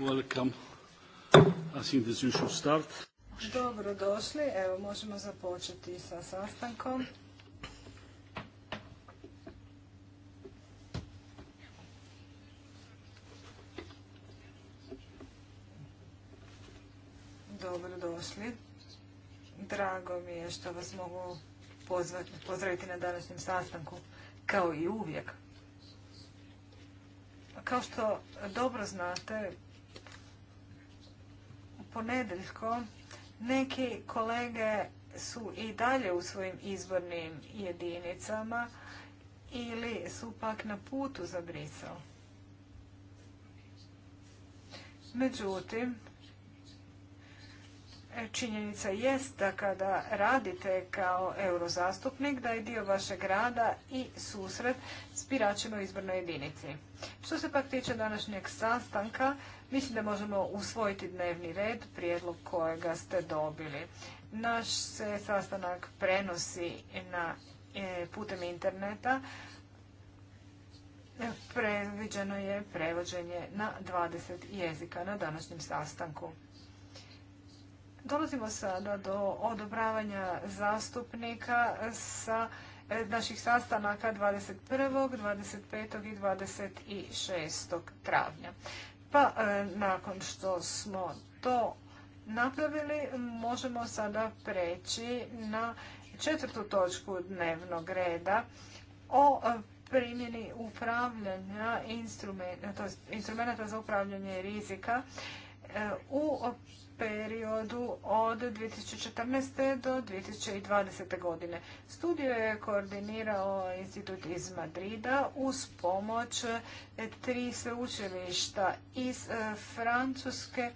Welcome. Evo, možemo započeti sa sastankom. Dobro Drago mi je što vas mogu pozvati, pozdraviti na današnjem sastanku, kao i uvijek. Kao što dobro znate, ponedeljkom neki kolege su i dalje u svojim izbornim jedinicama ili su pak na putu za Brisel. Međutim, Činjenica jest da kada radite kao eurozastupnik da je dio vašeg rada i susret s biračima u izbornoj jedinici. Što se pak tiče današnjeg sastanka, mislim da možemo usvojiti dnevni red, prijedlog kojega ste dobili. Naš se sastanak prenosi na, e, putem interneta. Previđeno je prevođenje na 20 jezika na današnjem sastanku. Dolazimo sada do odobravanja zastupnika sa e, naših sastanaka 21., 25. i 26. travnja. Pa e, nakon što smo to napravili, možemo sada preći na četvrtu točku dnevnog reda o e, primjeni upravljanja instrumenta, za upravljanje rizika u periodu od 2014. do 2020. godine. Studiju je koordinirao institut iz Madrida uz pomoć tri sveučilišta iz e, Francuske,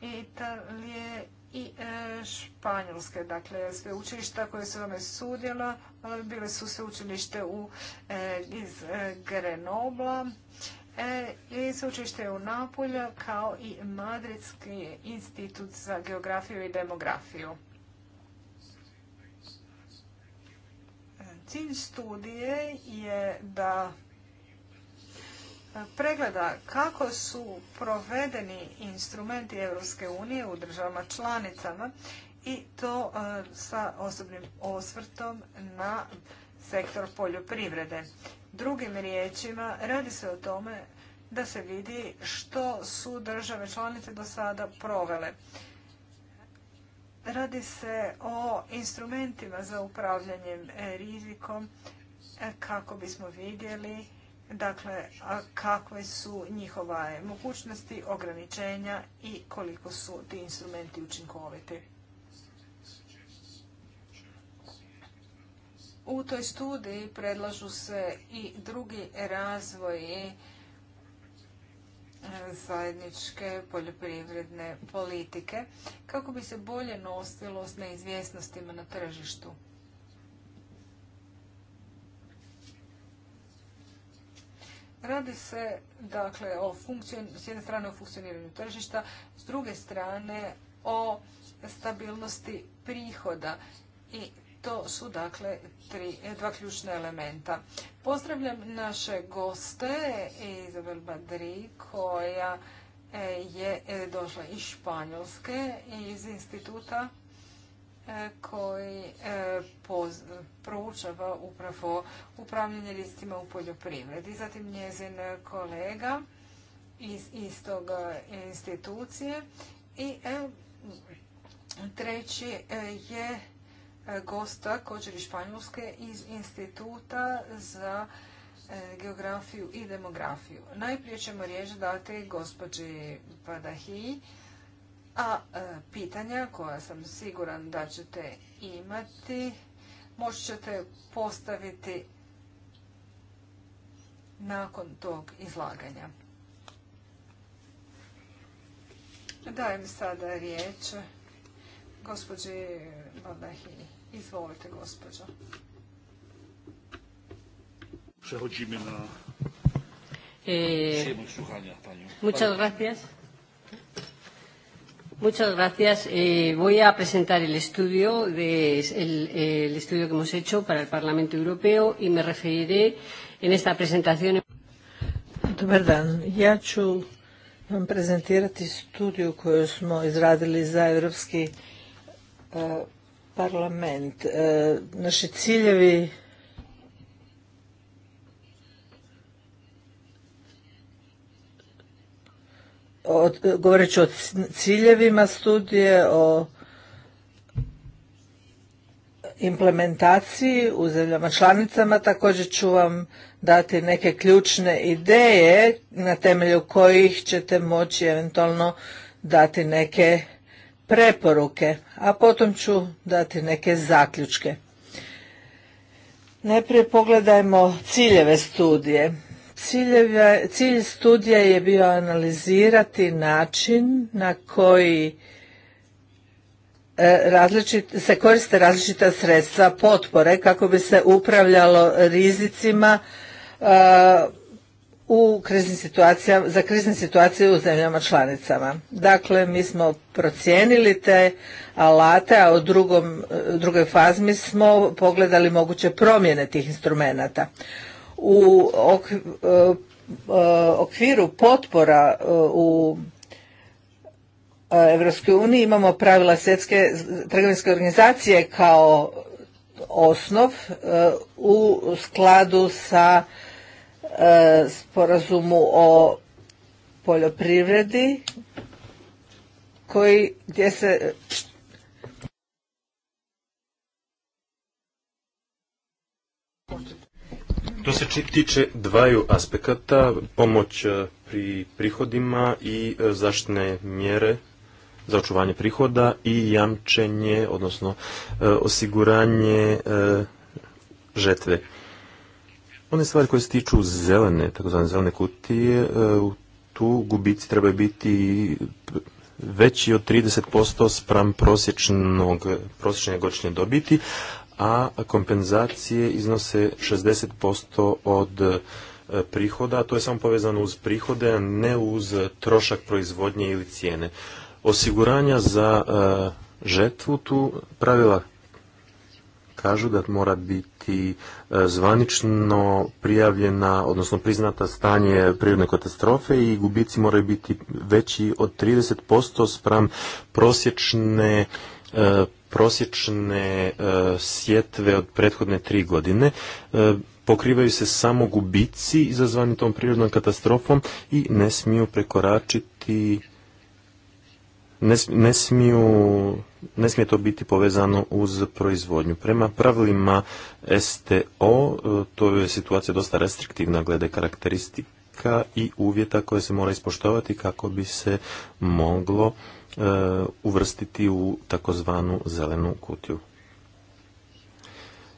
Italije i e, Španjolske. Dakle, sveučilišta koje su vam sudjela e, bile su sveučilište iz Grenobla, E, i sveučilište u Napolju kao i Madridski institut za geografiju i demografiju. E, cilj studije je da pregleda kako su provedeni instrumenti Europske unije u državama članicama i to e, sa osobnim osvrtom na sektor poljoprivrede. Drugim riječima, radi se o tome da se vidi što su države članice do sada provele. Radi se o instrumentima za upravljanje rizikom kako bismo vidjeli dakle, kakve su njihova mogućnosti, ograničenja i koliko su ti instrumenti učinkoviti. U toj studiji predlažu se i drugi razvoji e, zajedničke poljoprivredne politike kako bi se bolje nosilo s neizvjesnostima na tržištu. Radi se dakle o s jedne strane o funkcioniranju tržišta, s druge strane o stabilnosti prihoda i to su dakle tri, dva ključna elementa. Pozdravljam naše goste, Izabel Badri, koja e, je e, došla iz Španjolske, iz instituta e, koji proučava upravo upravljanje listima u poljoprivredi. Zatim njezin kolega iz istog institucije i treći je E, gosta, kođer iz Španjolske, iz Instituta za e, geografiju i demografiju. Najprije ćemo riječ dati gospođi Padahi, a e, pitanja koja sam siguran da ćete imati, moći ćete postaviti nakon tog izlaganja. Dajem sada riječ gospođi padahi Izvolite, gospođo. Prehođime na eh, słuchania Panią. Muchas gracias. Muchas gracias. Eh, voy a presentar el estudio, de, el, el estudio que hemos hecho para el Parlamento Europeo y me referiré en esta presentación. Dobar dan. Ja ću vam prezentirati studiju koju smo izradili za Europski eh, parlament. E, naši ciljevi Od, govorit ću o ciljevima studije, o implementaciji u zemljama članicama. Također ću vam dati neke ključne ideje na temelju kojih ćete moći eventualno dati neke preporuke, a potom ću dati neke zaključke. Najprije pogledajmo ciljeve studije. cilj studije je bio analizirati način na koji e, Različit, se koriste različita sredstva potpore kako bi se upravljalo rizicima e, u kriznim situacijama, za krizne situacije u zemljama članicama. Dakle, mi smo procijenili te alate, a u drugom, drugoj fazmi smo pogledali moguće promjene tih instrumenata. U e, e, okviru potpora e, u Evropskoj uniji imamo pravila svjetske trgovinske organizacije kao osnov u skladu sa E, sporazumu o poljoprivredi koji gdje se To se tiče dvaju aspekata, pomoć e, pri prihodima i e, zaštitne mjere za očuvanje prihoda i jamčenje, odnosno osiguranje žetve. One stvari koje se tiču zelene, takozvane zelene kutije, e, tu gubici trebaju biti veći od 30% spram prosječnog, prosječne godišnje dobiti, a kompenzacije iznose 60% od e, prihoda, to je samo povezano uz prihode, a ne uz trošak proizvodnje ili cijene. Osiguranja za e, žetvu tu pravila kažu da mora biti e, zvanično prijavljena, odnosno priznata stanje prirodne katastrofe i gubici moraju biti veći od 30% spram prosječne e, prosječne e, sjetve od prethodne tri godine pokrivaju se samo gubici izazvani tom prirodnom katastrofom i ne smiju prekoračiti ne smiju ne smije to biti povezano uz proizvodnju. Prema pravilima STO, e, to je situacija dosta restriktivna glede karakteristika i uvjeta koje se mora ispoštovati kako bi se moglo e, uvrstiti u takozvanu zelenu kutiju.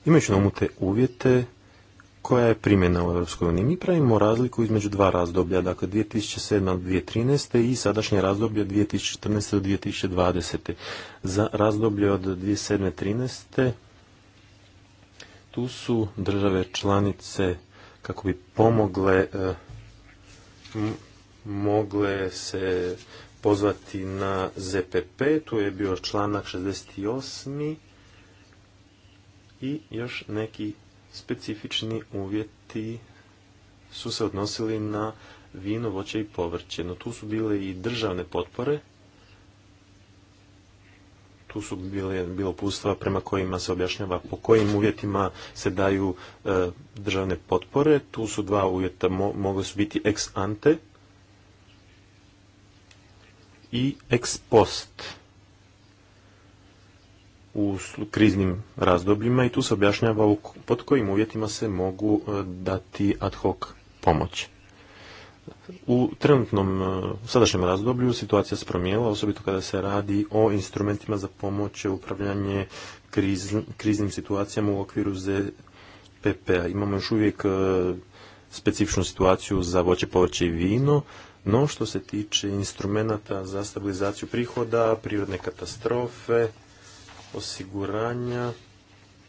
Imajući na te uvjete, koja je primjena u EU. Mi pravimo razliku između dva razdoblja, dakle 2007. od 2013. i sadašnje razdoblje od 2014. do 2020. Za razdoblje od 2007. 2013. tu su države članice kako bi pomogle e, mogle se pozvati na ZPP, tu je bio članak 68. i još neki specifični uvjeti su se odnosili na vino, voće i povrće. No tu su bile i državne potpore, tu su bile, bilo pustva prema kojima se objašnjava po kojim uvjetima se daju e, državne potpore. Tu su dva uvjeta, mogle su biti ex ante i ex post u kriznim razdobljima i tu se objašnjava pod kojim uvjetima se mogu e, dati ad hoc pomoć. U trenutnom e, sadašnjem razdoblju situacija se promijela, osobito kada se radi o instrumentima za pomoć upravljanje kriznim situacijama u okviru ZPP-a. Imamo još uvijek e, specifičnu situaciju za voće, povrće i vino, no što se tiče instrumenata za stabilizaciju prihoda, prirodne katastrofe, osiguranja,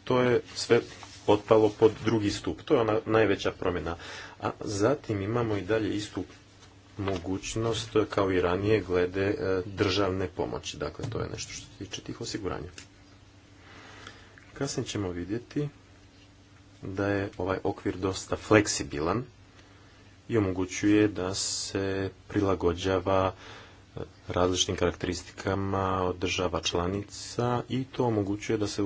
to je sve potpalo pod drugi stup. To je ona najveća promjena. A zatim imamo i dalje istu mogućnost kao i ranije glede e, državne pomoći. Dakle, to je nešto što se tiče tih osiguranja. Kasnije ćemo vidjeti da je ovaj okvir dosta fleksibilan i omogućuje da se prilagođava različitim karakteristikama od država članica i to omogućuje da se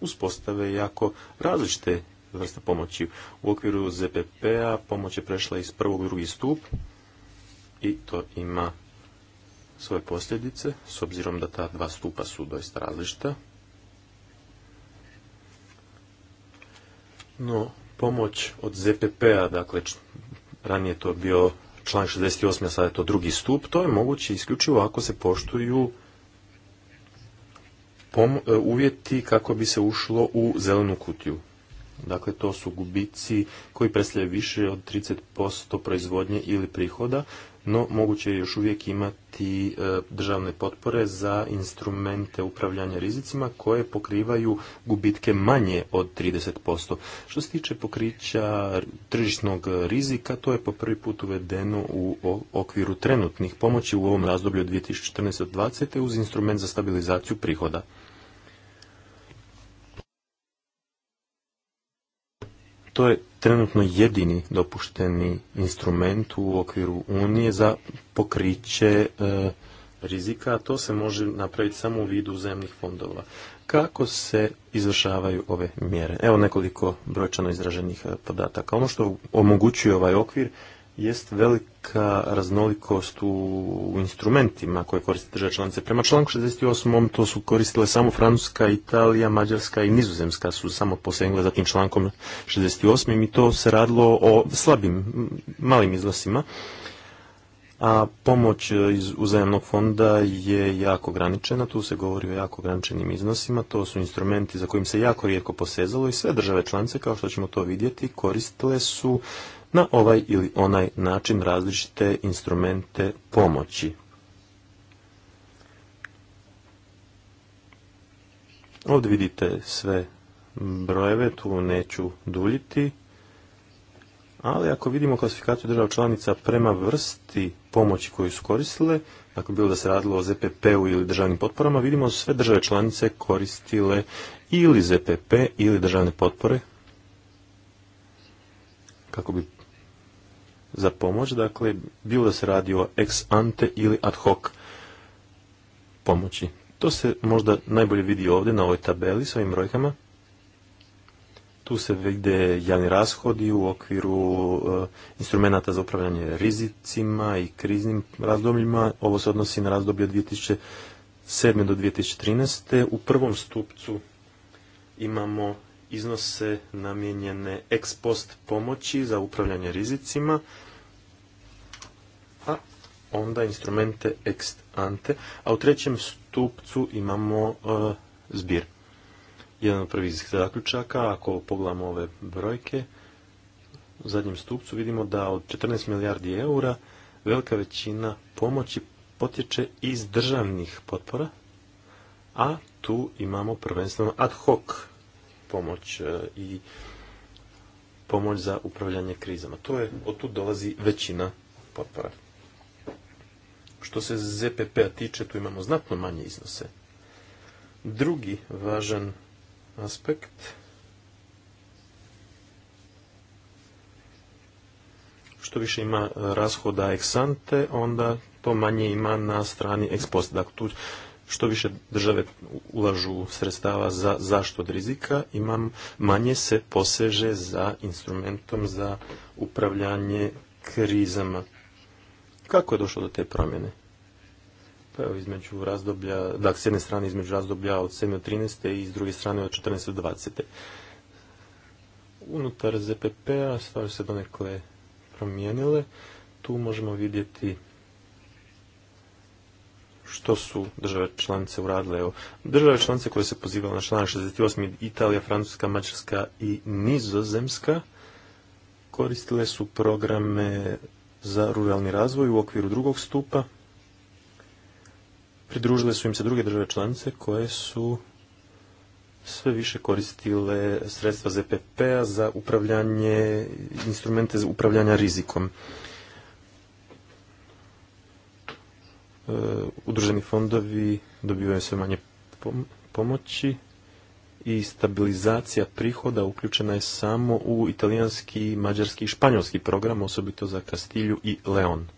uspostave jako različite vrste pomoći. U okviru ZPP-a pomoć je prešla iz prvog u drugi stup i to ima svoje posljedice, s obzirom da ta dva stupa su doista različita. No, pomoć od ZPP-a, dakle, ranije to bio Član 68. a sada je to drugi stup, to je moguće isključivo ako se poštuju e, uvjeti kako bi se ušlo u zelenu kutiju. Dakle, to su gubici koji predstavljaju više od 30% proizvodnje ili prihoda, no moguće je još uvijek imati e, državne potpore za instrumente upravljanja rizicima koje pokrivaju gubitke manje od 30%. Što se tiče pokrića tržišnog rizika, to je po prvi put uvedeno u okviru trenutnih pomoći u ovom razdoblju 2014-2020 uz instrument za stabilizaciju prihoda. to je trenutno jedini dopušteni instrument u okviru Unije za pokriće e, rizika, a to se može napraviti samo u vidu zemljih fondova. Kako se izvršavaju ove mjere? Evo nekoliko brojčano izraženih e, podataka. Ono što omogućuje ovaj okvir jest velika raznolikost u instrumentima koje koriste države članice. Prema članku 68. to su koristile samo Francuska, Italija, Mađarska i Nizozemska su samo posegle za tim člankom 68. i to se radilo o slabim, malim izlasima. A pomoć e, iz uzajamnog fonda je jako ograničena, tu se govori o jako ograničenim iznosima, to su instrumenti za kojim se jako rijetko posezalo i sve države članice, kao što ćemo to vidjeti, koristile su na ovaj ili onaj način različite instrumente pomoći. Ovdje vidite sve brojeve, tu neću duljiti, ali ako vidimo klasifikaciju država članica prema vrsti pomoći koju su koristile, dakle bilo da se radilo o ZPP-u ili državnim potporama, vidimo sve države članice koristile ili ZPP ili državne potpore kako bi za pomoć, dakle, bilo da se radi o ex ante ili ad hoc pomoći. To se možda najbolje vidi ovdje na ovoj tabeli s ovim brojkama. Tu se vide javni rashodi u okviru e, instrumenta za upravljanje rizicima i kriznim razdobljima. Ovo se odnosi na razdoblje od 2007. do 2013. U prvom stupcu imamo iznose namijenjene ex post pomoći za upravljanje rizicima, a onda instrumente ex ante, a u trećem stupcu imamo e, zbir. Jedan od prvih zaključaka, ako pogledamo ove brojke, u zadnjem stupcu vidimo da od 14 milijardi eura velika većina pomoći potječe iz državnih potpora, a tu imamo prvenstveno ad hoc pomoć e, i pomoć za upravljanje krizama. To je, od tu dolazi većina potpora. Što se ZPP-a tiče, tu imamo znatno manje iznose. Drugi važan aspekt što više ima rashoda eksante, onda to manje ima na strani ex post. Dakle, tu što više države ulažu sredstava za zaštitu od rizika, imam manje se poseže za instrumentom za upravljanje krizama. Kako je došlo do te promjene? Pa evo, između razdoblja, dakle, s jedne strane između razdoblja od 7 do 13. i s druge strane od 14 do 20. Unutar ZPP-a stvari se donekle promijenile. Tu možemo vidjeti što su države članice uradile. Evo, države članice koje se pozivale na članak 68. Italija, Francuska, Mađarska i Nizozemska koristile su programe za ruralni razvoj u okviru drugog stupa. Pridružile su im se druge države članice koje su sve više koristile sredstva ZPP-a za upravljanje, instrumente za upravljanja rizikom. E, udruženi fondovi dobivaju sve manje pomoći i stabilizacija prihoda uključena je samo u italijanski, mađarski i španjolski program, osobito za Kastilju i Leon.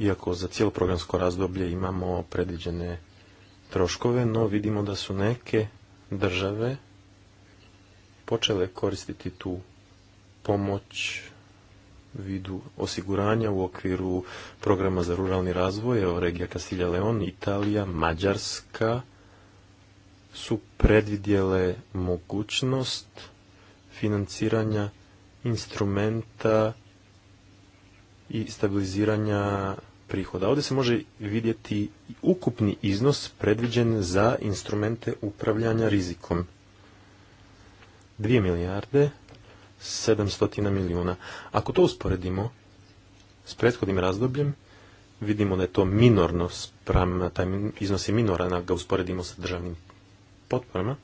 Iako za cijelo programsko razdoblje imamo predviđene troškove, no vidimo da su neke države počele koristiti tu pomoć vidu osiguranja u okviru programa za ruralni razvoj, evo regija Kastilja Leon, Italija, Mađarska su predvidjele mogućnost financiranja instrumenta i stabiliziranja prihoda. Ovdje se može vidjeti ukupni iznos predviđen za instrumente upravljanja rizikom. 2 milijarde 700 milijuna. Ako to usporedimo s prethodnim razdobljem, vidimo da je to minorno spram, taj iznos je minoran, ako ga usporedimo sa državnim potporama,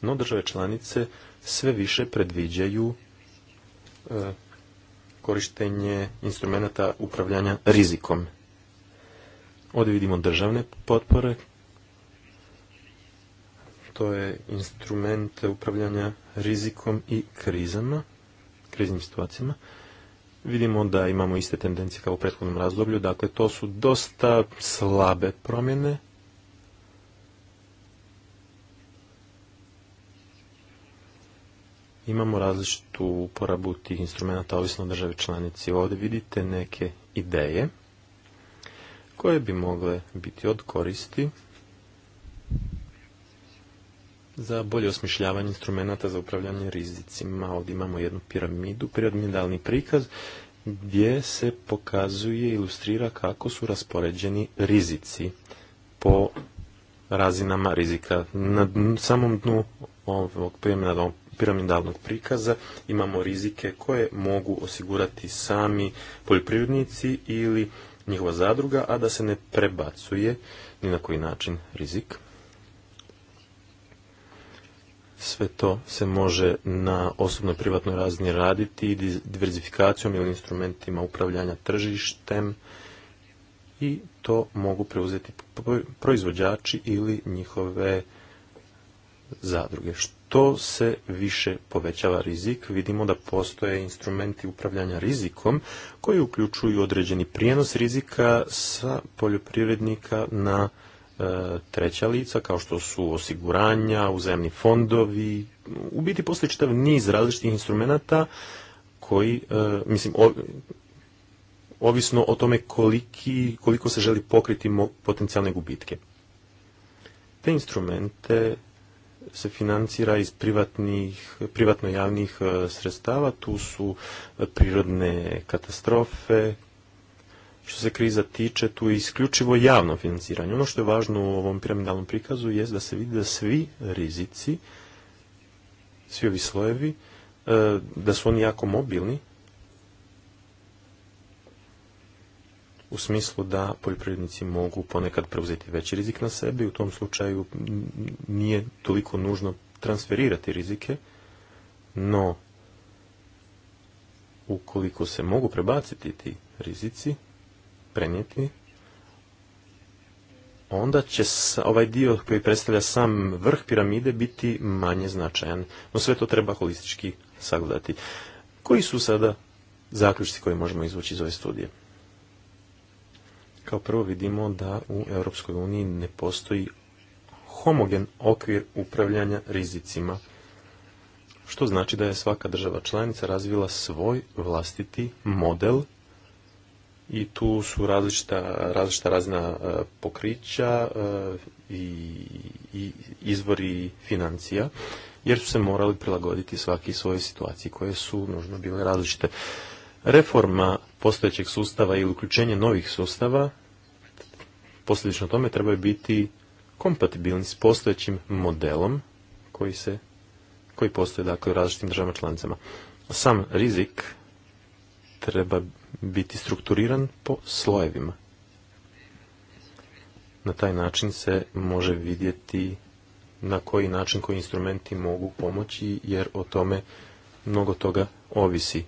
no države članice sve više predviđaju e, korištenje instrumenta upravljanja rizikom. Ovdje vidimo državne potpore to je instrument upravljanja rizikom i krizama, kriznim situacijama. Vidimo da imamo iste tendencije kao u prethodnom razdoblju, dakle to su dosta slabe promjene. Imamo različitu uporabu tih instrumenta ovisno o državi članici. Ovdje vidite neke ideje koje bi mogle biti od koristi za bolje osmišljavanje instrumenta za upravljanje rizicima. Ovdje imamo jednu piramidu, piramidalni prikaz gdje se pokazuje, ilustrira kako su raspoređeni rizici po razinama rizika. Na samom dnu ovog piramidalnog prikaza imamo rizike koje mogu osigurati sami poljoprivrednici ili njihova zadruga, a da se ne prebacuje ni na koji način rizik sve to se može na osobnoj privatnoj razini raditi diverzifikacijom ili instrumentima upravljanja tržištem i to mogu preuzeti proizvođači ili njihove zadruge. Što se više povećava rizik, vidimo da postoje instrumenti upravljanja rizikom koji uključuju određeni prijenos rizika sa poljoprivrednika na E, treća lica, kao što su osiguranja, uzajemni fondovi, u biti postoji čitav niz različitih instrumenata koji, e, mislim, ovisno o tome koliki, koliko se želi pokriti potencijalne gubitke. Te instrumente se financira iz privatnih, privatno javnih e, sredstava, tu su prirodne katastrofe, što se kriza tiče, tu je isključivo javno financiranje. Ono što je važno u ovom piramidalnom prikazu je da se vidi da svi rizici, svi ovi slojevi, e, da su oni jako mobilni u smislu da poljoprivrednici mogu ponekad preuzeti veći rizik na sebe i u tom slučaju nije toliko nužno transferirati rizike, no ukoliko se mogu prebaciti ti rizici, prenijeti, onda će ovaj dio koji predstavlja sam vrh piramide biti manje značajan. No sve to treba holistički sagledati. Koji su sada zaključci koje možemo izvući iz ove studije? Kao prvo vidimo da u Europskoj uniji ne postoji homogen okvir upravljanja rizicima, što znači da je svaka država članica razvila svoj vlastiti model i tu su različita, različita razna e, pokrića e, i, izvori financija, jer su se morali prilagoditi svaki svoje situaciji koje su nužno bile različite. Reforma postojećeg sustava i uključenje novih sustava posljedično tome trebaju biti kompatibilni s postojećim modelom koji se koji postoje dakle u različitim državama članicama. Sam rizik treba biti strukturiran po slojevima. Na taj način se može vidjeti na koji način koji instrumenti mogu pomoći jer o tome mnogo toga ovisi.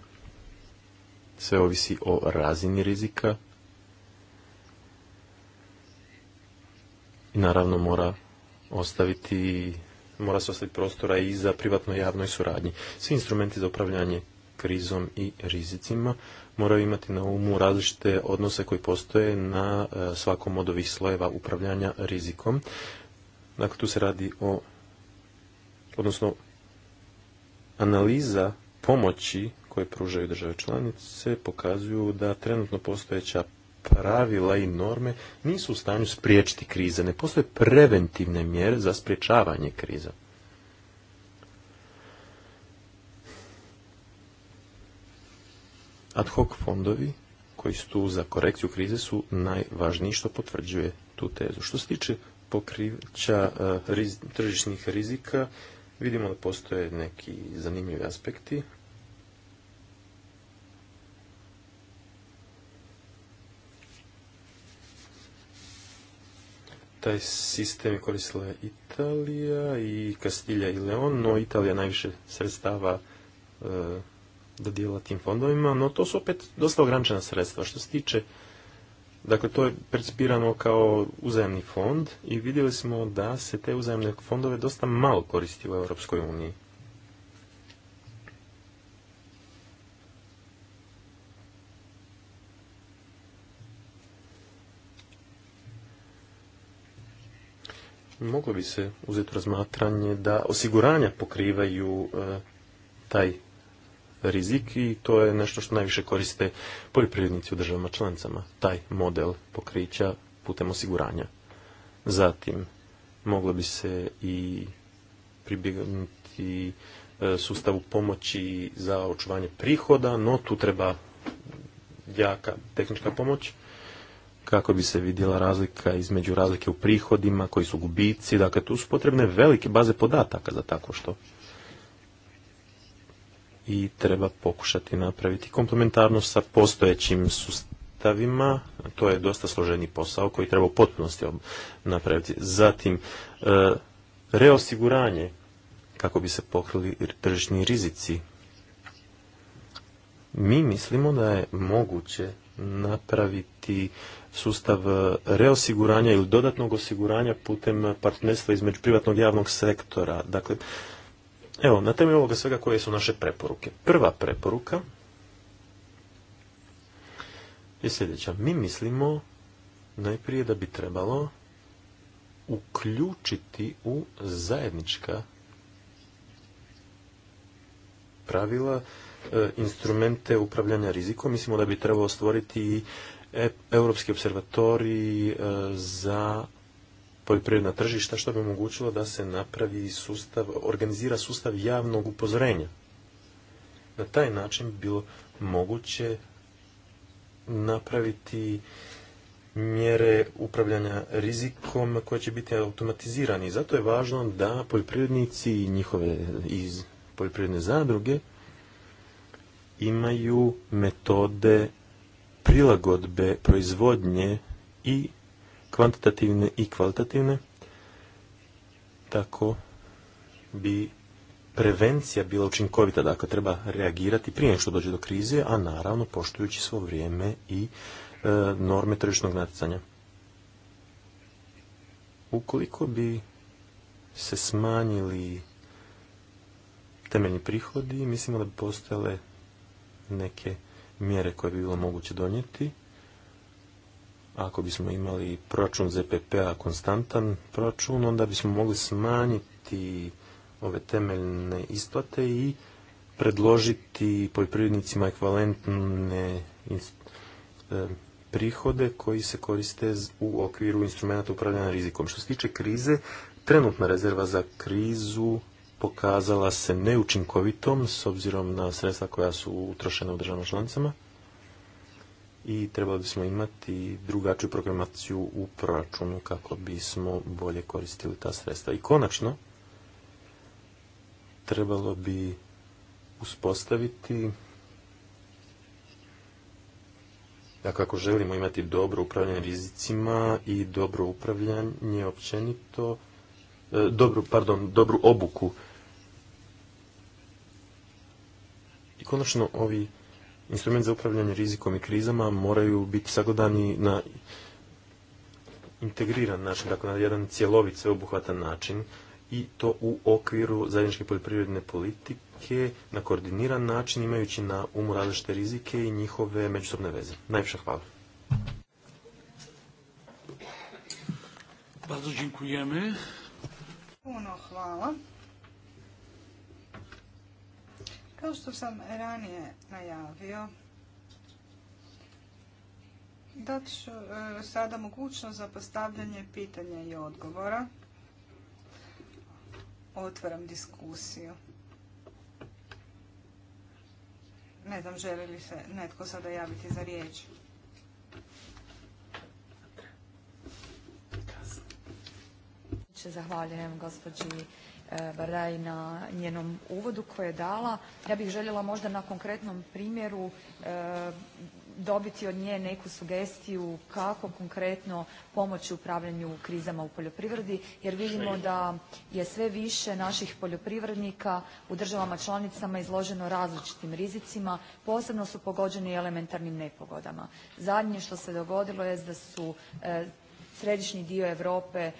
Sve ovisi o razini rizika i naravno mora ostaviti mora se ostaviti prostora i za privatno javnoj suradnji. Svi instrumenti za upravljanje krizom i rizicima, moraju imati na umu različite odnose koji postoje na e, svakom od ovih slojeva upravljanja rizikom. Dakle, tu se radi o, odnosno, analiza pomoći koje pružaju države članice pokazuju da trenutno postojeća pravila i norme nisu u stanju spriječiti krize. Ne postoje preventivne mjere za spriječavanje kriza. Ad hoc fondovi koji su tu za korekciju krize su najvažniji što potvrđuje tu tezu. Što se tiče pokrića e, tržišnih rizika, vidimo da postoje neki zanimljivi aspekti. Taj sistem je koristila Italija i Kastilja i Leon, no Italija najviše sredstava e, dodijela tim fondovima, no to su opet dosta ograničena sredstva. Što se tiče, dakle to je percipirano kao uzajemni fond i vidjeli smo da se te uzajemne fondove dosta malo koristi u Europskoj uniji. moglo bi se uzeti razmatranje da osiguranja pokrivaju e, taj rizik i to je nešto što najviše koriste poljoprivrednici u državama članicama, taj model pokrića putem osiguranja. Zatim, moglo bi se i pribjegnuti e, sustavu pomoći za očuvanje prihoda, no tu treba jaka tehnička pomoć kako bi se vidjela razlika između razlike u prihodima koji su gubici, dakle tu su potrebne velike baze podataka za tako što i treba pokušati napraviti komplementarnost sa postojećim sustavima. To je dosta složeni posao koji treba u potpunosti napraviti. Zatim, e, reosiguranje kako bi se pokrili tržišni rizici. Mi mislimo da je moguće napraviti sustav e, reosiguranja ili dodatnog osiguranja putem partnerstva između privatnog i javnog sektora. Dakle, Evo, na temelju ovoga svega koje su naše preporuke. Prva preporuka je sljedeća. Mi mislimo najprije da bi trebalo uključiti u zajednička pravila e, instrumente upravljanja rizikom. Mislimo da bi trebalo stvoriti i europski observatorij e, za poljoprivredna tržišta što bi omogućilo da se napravi sustav, organizira sustav javnog upozorenja. Na taj način bi bilo moguće napraviti mjere upravljanja rizikom koje će biti automatizirani. Zato je važno da poljoprivrednici i njihove iz poljoprivredne zadruge imaju metode prilagodbe proizvodnje i kvantitativne i kvalitativne, tako bi prevencija bila učinkovita, dakle treba reagirati prije nego što dođe do krize, a naravno poštujući svo vrijeme i e, norme tržišnog natjecanja. Ukoliko bi se smanjili temeljni prihodi, mislimo da bi postojale neke mjere koje bi bilo moguće donijeti ako bismo imali proračun ZPP-a konstantan proračun, onda bismo mogli smanjiti ove temeljne isplate i predložiti poljoprivrednicima ekvalentne e, prihode koji se koriste u okviru instrumenta upravljanja rizikom. Što se tiče krize, trenutna rezerva za krizu pokazala se neučinkovitom s obzirom na sredstva koja su utrošena u državama članicama i trebali bismo imati drugačiju programaciju u proračunu kako bismo bolje koristili ta sredstva. I konačno, trebalo bi uspostaviti da dakle, kako želimo imati dobro upravljanje rizicima i dobro upravljanje općenito, e, dobru, pardon, dobru obuku. I konačno ovi instrument za upravljanje rizikom i krizama moraju biti sagledani na integriran način, dakle na jedan cjelovit, sveobuhvatan način i to u okviru zajedničke poljoprivredne politike na koordiniran način imajući na umu različite rizike i njihove međusobne veze. Najviše hvala. hvala. Kao što sam ranije najavio, dat ću e, sada mogućnost za postavljanje pitanja i odgovora. Otvaram diskusiju. Ne znam, želi li se netko sada javiti za riječ. Zahvaljujem gospođi i eh, na njenom uvodu koje je dala. Ja bih željela možda na konkretnom primjeru eh, dobiti od nje neku sugestiju kako konkretno pomoći upravljanju krizama u poljoprivredi jer vidimo da je sve više naših poljoprivrednika u državama članicama izloženo različitim rizicima, posebno su pogođeni elementarnim nepogodama. Zadnje što se dogodilo je da su eh, središnji dio Europe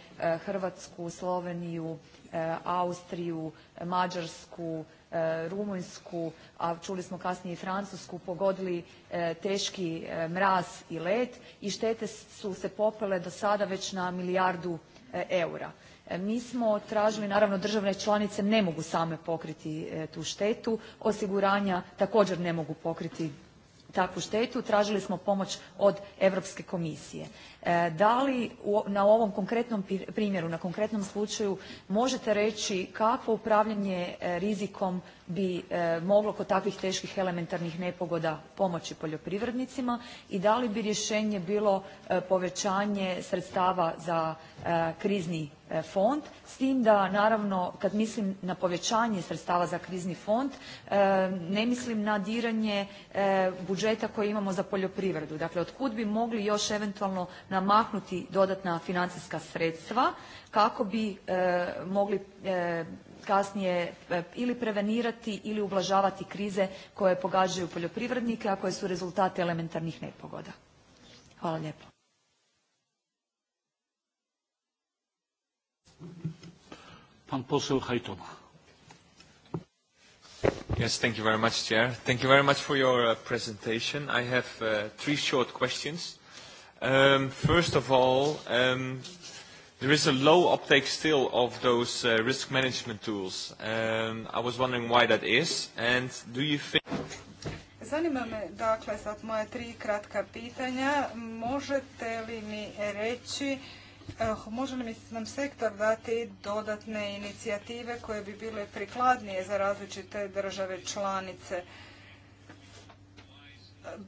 Hrvatsku, Sloveniju, E, Austriju, Mađarsku, e, Rumunjsku, a čuli smo kasnije i Francusku pogodili e, teški mraz i led i štete su se popele do sada već na milijardu eura. Mi smo tražili, naravno države članice ne mogu same pokriti tu štetu, osiguranja također ne mogu pokriti takvu štetu, tražili smo pomoć od Europske komisije. E, da li na ovom konkretnom primjeru, na konkretnom slučaju možete reći kakvo upravljanje e, rizikom bi e, moglo kod takvih teških elementarnih nepogoda pomoći poljoprivrednicima i da li bi rješenje bilo povećanje sredstava za krizni fond s tim da naravno kad mislim na povećanje sredstava za krizni fond ne mislim na diranje budžeta koji imamo za poljoprivredu. Dakle, od kud bi mogli još eventualno na namaknuti dodatna financijska sredstva kako bi e, mogli e, kasnije e, ili prevenirati ili ublažavati krize koje pogađaju poljoprivrednike, a koje su rezultat elementarnih nepogoda. Hvala lijepo. Pan posel Hajtoma. Yes, thank you very much, Chair. Thank you very much for your uh, presentation. I have uh, three short questions. Um, first of all, um, there is a low uptake still of those uh, risk management tools. Um, I was wondering why that is, and do you think... Zanima me, dakle, sad moja tri kratka pitanja. Možete li mi reći, eh, može li nam sektor dati dodatne inicijative koje bi bile prikladnije za različite države članice?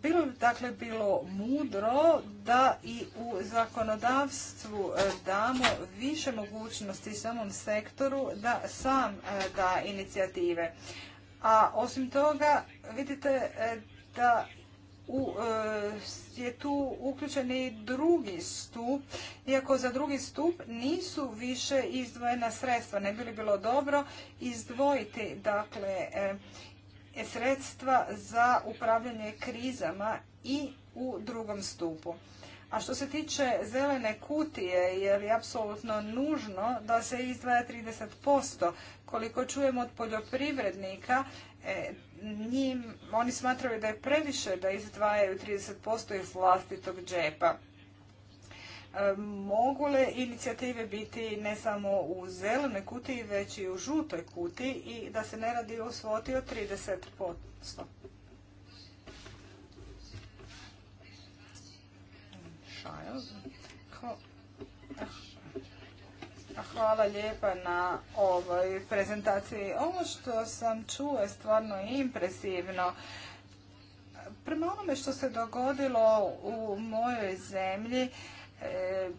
bilo bi dakle bilo mudro da i u zakonodavstvu e, damo više mogućnosti samom sektoru da sam e, da inicijative. A osim toga vidite e, da u, je tu uključen i drugi stup, iako za drugi stup nisu više izdvojena sredstva. Ne bi li bilo dobro izdvojiti dakle sredstva za upravljanje krizama i u drugom stupu. A što se tiče zelene kutije, je li apsolutno nužno da se izdvaja 30%? Koliko čujem od poljoprivrednika, e, oni smatraju da je previše da izdvajaju 30% iz vlastitog džepa. E, mogu li inicijative biti ne samo u zelenoj kutiji, već i u žutoj kutiji i da se ne radi o svoti od 30%. Hvala lijepa na ovoj prezentaciji. Ovo što sam čuo je stvarno impresivno. Prema onome što se dogodilo u mojoj zemlji, E,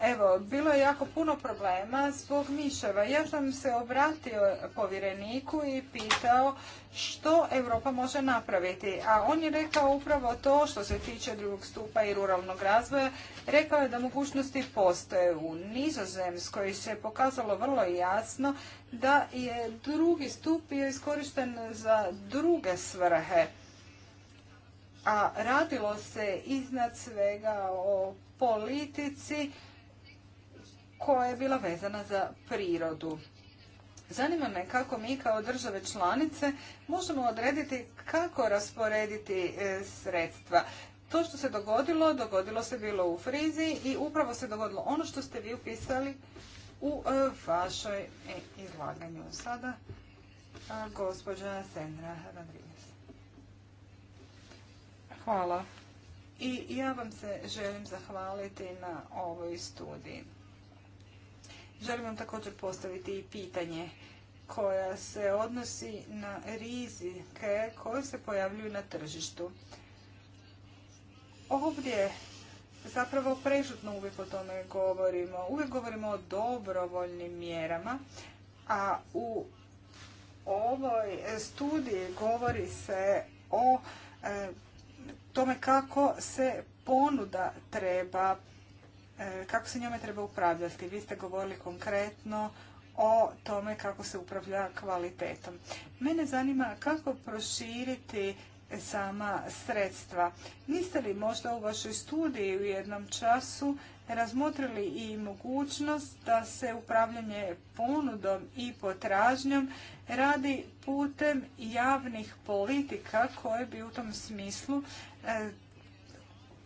evo, bilo je jako puno problema zbog miševa. Ja sam se obratio povjereniku i pitao što Europa može napraviti. A on je rekao upravo to što se tiče drugog stupa i ruralnog razvoja. Rekao je da mogućnosti postoje u Nizozemskoj se pokazalo vrlo jasno da je drugi stup iskorišten za druge svrhe a radilo se iznad svega o politici koja je bila vezana za prirodu. Zanima me kako mi kao države članice možemo odrediti kako rasporediti e, sredstva. To što se dogodilo, dogodilo se bilo u frizi i upravo se dogodilo ono što ste vi upisali u e, vašoj e, izlaganju. Sada gospođa Senra Radrić. Hvala. I ja vam se želim zahvaliti na ovoj studiji. Želim vam također postaviti i pitanje koja se odnosi na rizike koje se pojavljuju na tržištu. Ovdje zapravo prešutno uvijek o tome govorimo. Uvijek govorimo o dobrovoljnim mjerama, a u ovoj studiji govori se o e, tome kako se ponuda treba, e, kako se njome treba upravljati. Vi ste govorili konkretno o tome kako se upravlja kvalitetom. Mene zanima kako proširiti sama sredstva. Niste li možda u vašoj studiji u jednom času razmotrili i mogućnost da se upravljanje ponudom i potražnjom radi putem javnih politika koje bi u tom smislu E,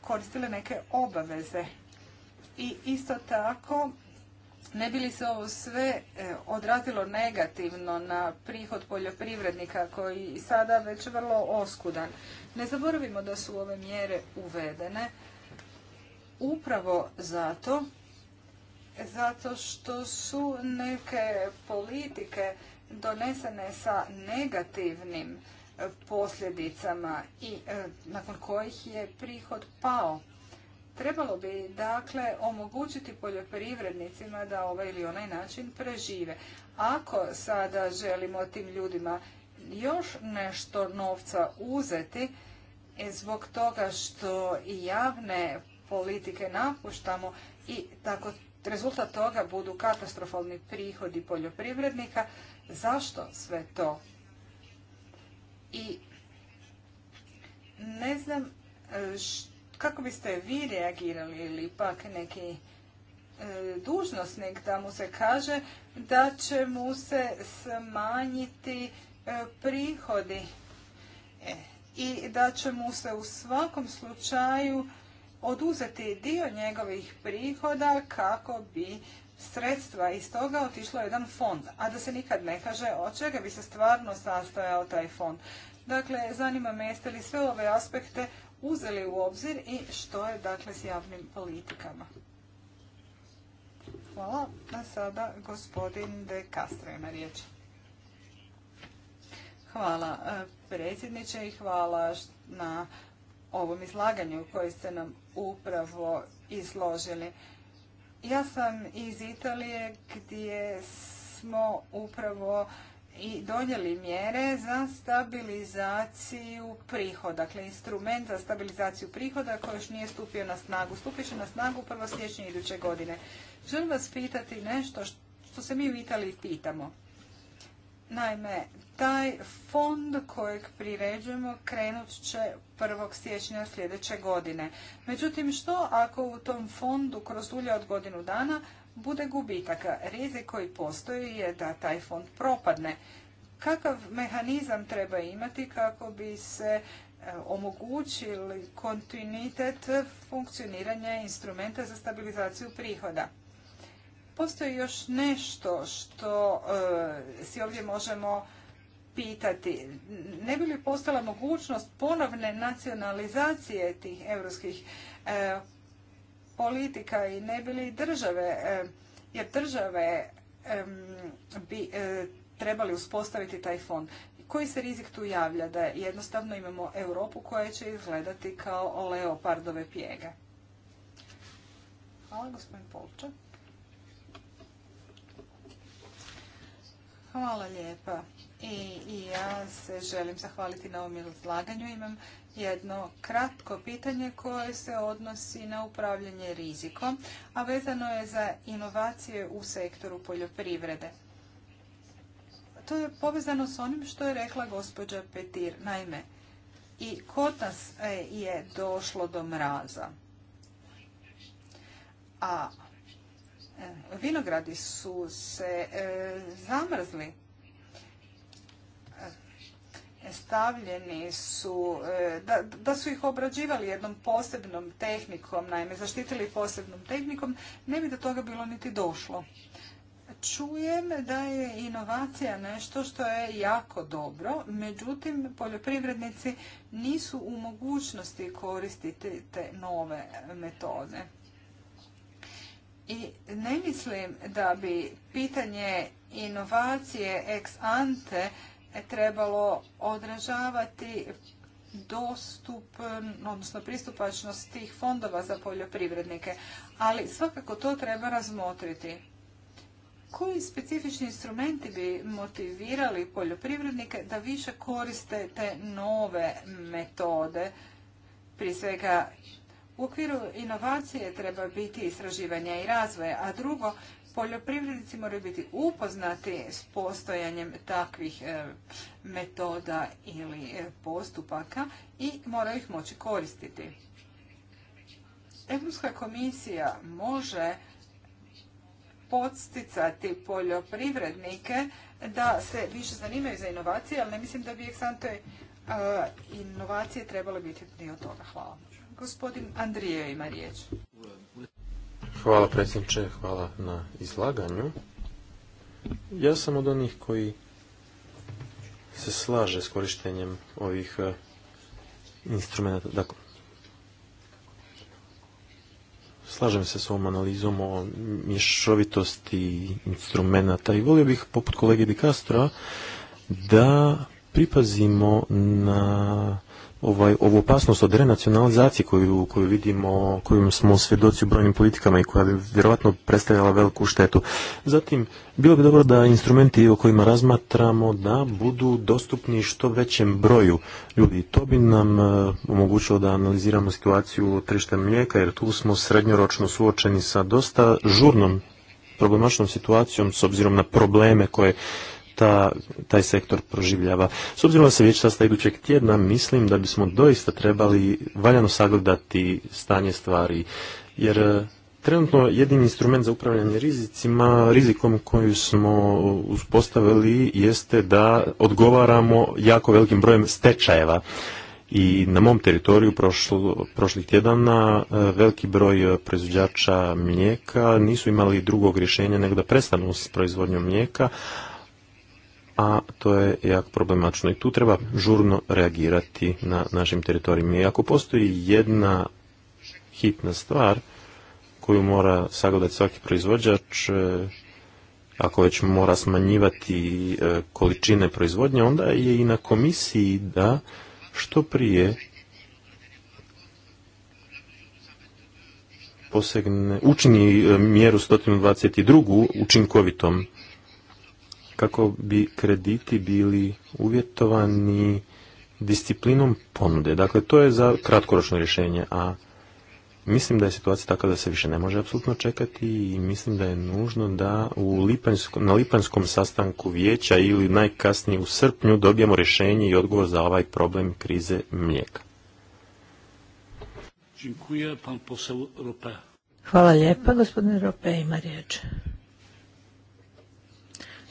koristile neke obaveze. I isto tako, ne bi li se ovo sve e, odrazilo negativno na prihod poljoprivrednika koji sada već vrlo oskudan. Ne zaboravimo da su ove mjere uvedene upravo zato zato što su neke politike donesene sa negativnim posljedicama i e, nakon kojih je prihod pao. Trebalo bi dakle omogućiti poljoprivrednicima da ovaj ili onaj način prežive. Ako sada želimo tim ljudima još nešto novca uzeti, e, zbog toga što i javne politike napuštamo i tako rezultat toga budu katastrofalni prihodi poljoprivrednika, zašto sve to? I ne znam e, kako biste vi reagirali ili pak neki e, dužnosnik da mu se kaže da će mu se smanjiti e, prihodi i da će mu se u svakom slučaju oduzeti dio njegovih prihoda kako bi sredstva iz toga otišlo u jedan fond, a da se nikad ne kaže od čega bi se stvarno sastojao taj fond. Dakle, zanima me jeste li sve ove aspekte uzeli u obzir i što je dakle s javnim politikama. Hvala. A sada gospodin De Castro je na riječ. Hvala e, predsjedniče i hvala na ovom izlaganju koje ste nam upravo izložili. Ja sam iz Italije gdje smo upravo i donijeli mjere za stabilizaciju prihoda, dakle instrument za stabilizaciju prihoda koji još nije stupio na snagu. Stupit će na snagu prvo siječnja iduće godine. Želim vas pitati nešto što se mi u Italiji pitamo. Naime, taj fond kojeg priređujemo krenut će 1. siječnja sljedeće godine. Međutim, što ako u tom fondu kroz dulje od godinu dana bude gubitaka? Rizik koji postoji je da taj fond propadne. Kakav mehanizam treba imati kako bi se e, omogućili kontinuitet funkcioniranja instrumenta za stabilizaciju prihoda? Postoji još nešto što e, si ovdje možemo pitati, ne bi li postala mogućnost ponovne nacionalizacije tih europskih e, politika i ne bi li države, e, jer države e, bi trebali uspostaviti taj fond. Koji se rizik tu javlja? Da jednostavno imamo Europu koja će izgledati kao leopardove pjege. Hvala, gospodin Polča. Hvala lijepa i ja se želim zahvaliti na ovom izlaganju. Imam jedno kratko pitanje koje se odnosi na upravljanje rizikom, a vezano je za inovacije u sektoru poljoprivrede. To je povezano s onim što je rekla gospođa Petir. Naime, i kod nas e, je došlo do mraza. A e, vinogradi su se e, zamrzli stavljeni su, e, da, da su ih obrađivali jednom posebnom tehnikom, naime zaštitili posebnom tehnikom, ne bi do toga bilo niti došlo. Čujem da je inovacija nešto što je jako dobro, međutim poljoprivrednici nisu u mogućnosti koristiti te nove metode. I ne mislim da bi pitanje inovacije ex ante trebalo odražavati dostup, odnosno pristupačnost tih fondova za poljoprivrednike. Ali svakako to treba razmotriti. Koji specifični instrumenti bi motivirali poljoprivrednike da više koriste te nove metode? Prije svega u okviru inovacije treba biti istraživanje i razvoje, a drugo Poljoprivrednici moraju biti upoznati s postojanjem takvih e, metoda ili e, postupaka i moraju ih moći koristiti. Europska komisija može podsticati poljoprivrednike da se više zanimaju za inovacije, ali ne mislim da bi eksante e, inovacije trebale biti dio toga. Hvala. Gospodin Andrije ima riječ. Hvala predsjedniče, hvala na izlaganju. Ja sam od onih koji se slaže s korištenjem ovih e, instrumenta. Dakle, slažem se s ovom analizom o mješovitosti instrumenta i volio bih, poput kolege Di da pripazimo na ovaj, ovu opasnost od renacionalizacije koju, koju vidimo, kojom smo svjedoci u brojnim politikama i koja bi vjerojatno predstavljala veliku štetu. Zatim, bilo bi dobro da instrumenti o kojima razmatramo da budu dostupni što većem broju ljudi. To bi nam e, omogućilo da analiziramo situaciju tržišta mlijeka jer tu smo srednjoročno suočeni sa dosta žurnom problematičnom situacijom s obzirom na probleme koje ta, taj sektor proživljava. S obzirom da se već sasta idućeg tjedna, mislim da bismo doista trebali valjano sagledati stanje stvari, jer e, Trenutno jedini instrument za upravljanje rizicima, rizikom koju smo uspostavili jeste da odgovaramo jako velikim brojem stečajeva. I na mom teritoriju prošlo, prošlih tjedana e, veliki broj proizvođača mlijeka nisu imali drugog rješenja nego da prestanu s proizvodnjom mlijeka, a to je jako problematično i tu treba žurno reagirati na našim teritorijima. I ako postoji jedna hitna stvar koju mora sagledati svaki proizvođač, e, ako već mora smanjivati e, količine proizvodnje, onda je i na komisiji da što prije posegne, učini e, mjeru 122. učinkovitom kako bi krediti bili uvjetovani disciplinom ponude. Dakle, to je za kratkoročno rješenje, a Mislim da je situacija takva da se više ne može apsolutno čekati i mislim da je nužno da u na lipanskom sastanku vijeća ili najkasnije u srpnju dobijemo rješenje i odgovor za ovaj problem krize mlijeka. Hvala lijepa, gospodine Rope ima riječ.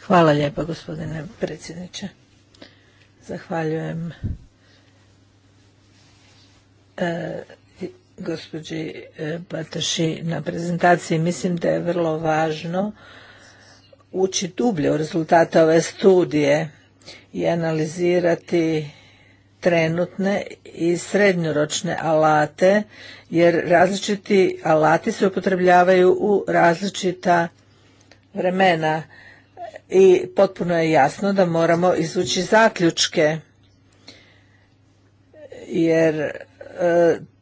Hvala lijepa gospodine predsjedniče. Zahvaljujem e, gospođi e, Bataši na prezentaciji. Mislim da je vrlo važno ući dublje u rezultate ove studije i analizirati trenutne i srednjoročne alate, jer različiti alati se upotrebljavaju u različita vremena i potpuno je jasno da moramo izvući zaključke jer e,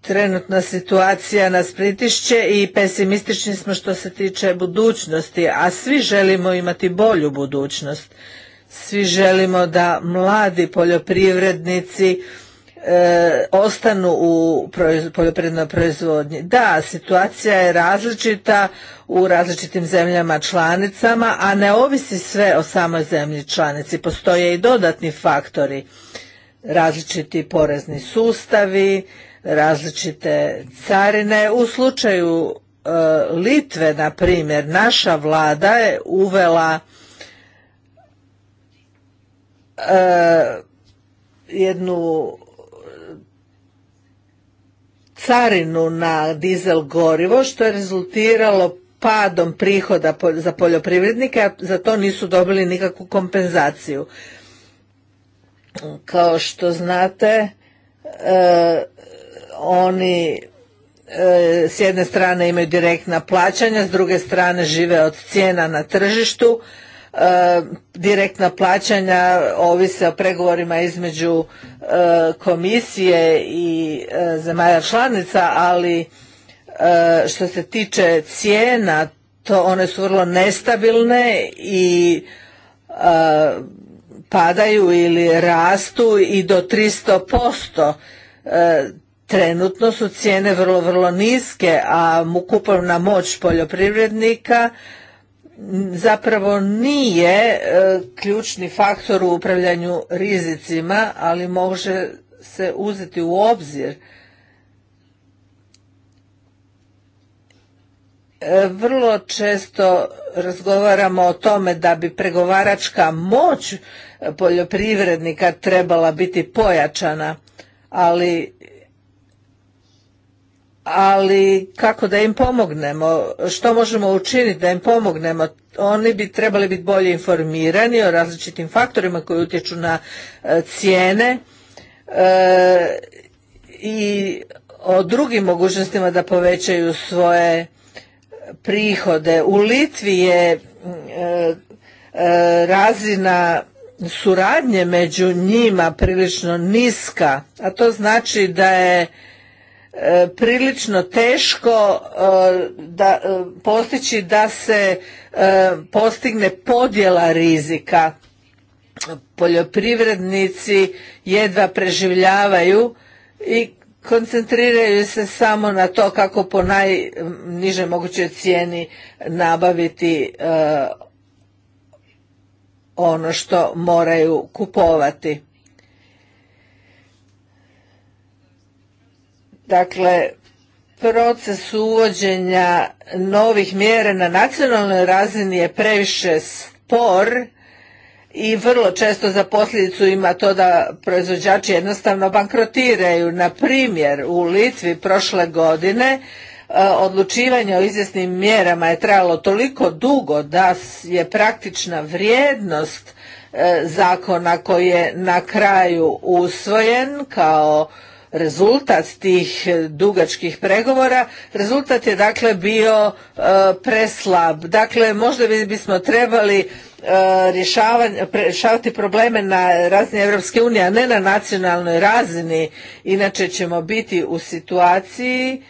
trenutna situacija nas pritišće i pesimistični smo što se tiče budućnosti, a svi želimo imati bolju budućnost. Svi želimo da mladi poljoprivrednici E, ostanu u poljoprivrednoj proizvodnji. Da, situacija je različita u različitim zemljama članicama, a ne ovisi sve o samoj zemlji članici. Postoje i dodatni faktori, različiti porezni sustavi, različite carine. U slučaju e, Litve, na primjer, naša vlada je uvela e, jednu carinu na dizel gorivo što je rezultiralo padom prihoda za poljoprivrednike, a za to nisu dobili nikakvu kompenzaciju. Kao što znate, e, oni e, s jedne strane imaju direktna plaćanja, s druge strane žive od cijena na tržištu, E, direktna plaćanja ovise o pregovorima između e, komisije i e, zemalja članica, ali što se tiče cijena, to one su vrlo nestabilne i padaju ili rastu i do 300%. Trenutno su cijene vrlo, vrlo niske, a kupovna moć poljoprivrednika zapravo nije e, ključni faktor u upravljanju rizicima, ali može se uzeti u obzir. E, vrlo često razgovaramo o tome da bi pregovaračka moć poljoprivrednika trebala biti pojačana, ali ali kako da im pomognemo, što možemo učiniti da im pomognemo, oni bi trebali biti bolje informirani o različitim faktorima koji utječu na e, cijene e, i o drugim mogućnostima da povećaju svoje prihode. U Litvi je e, razina suradnje među njima prilično niska, a to znači da je E, prilično teško e, da e, postići da se postigne podjela rizika. Poljoprivrednici jedva preživljavaju i koncentriraju se samo na to kako po najniže mogućoj cijeni nabaviti ono što moraju kupovati. Dakle, proces uvođenja novih mjera na nacionalnoj razini je previše spor i vrlo često za posljedicu ima to da proizvođači jednostavno bankrotiraju. Na primjer, u Litvi prošle godine e, odlučivanje o izvjesnim mjerama je trajalo toliko dugo da je praktična vrijednost e, zakona koji je na kraju usvojen kao rezultat tih e, dugačkih pregovora. Rezultat je dakle bio e, preslab. Dakle, možda bismo trebali e, rješavati probleme na razini Europske unije, a ne na nacionalnoj razini. Inače ćemo biti u situaciji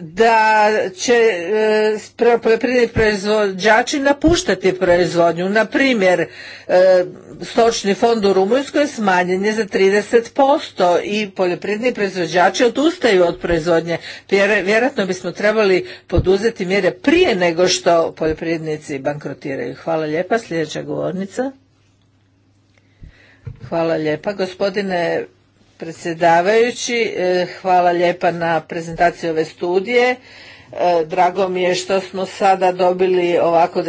da će e, poljoprivredni proizvođači napuštati proizvodnju. Na primjer, e, stočni fond u Rumunjskoj smanjen je za 30% i poljoprivredni proizvođači odustaju od proizvodnje. Vjerojatno bismo trebali poduzeti mjere prije nego što poljoprivrednici bankrotiraju. Hvala lijepa. Sljedeća govornica. Hvala lijepa. Gospodine predsjedavajući. E, hvala lijepa na prezentaciji ove studije. E, drago mi je što smo sada dobili ovako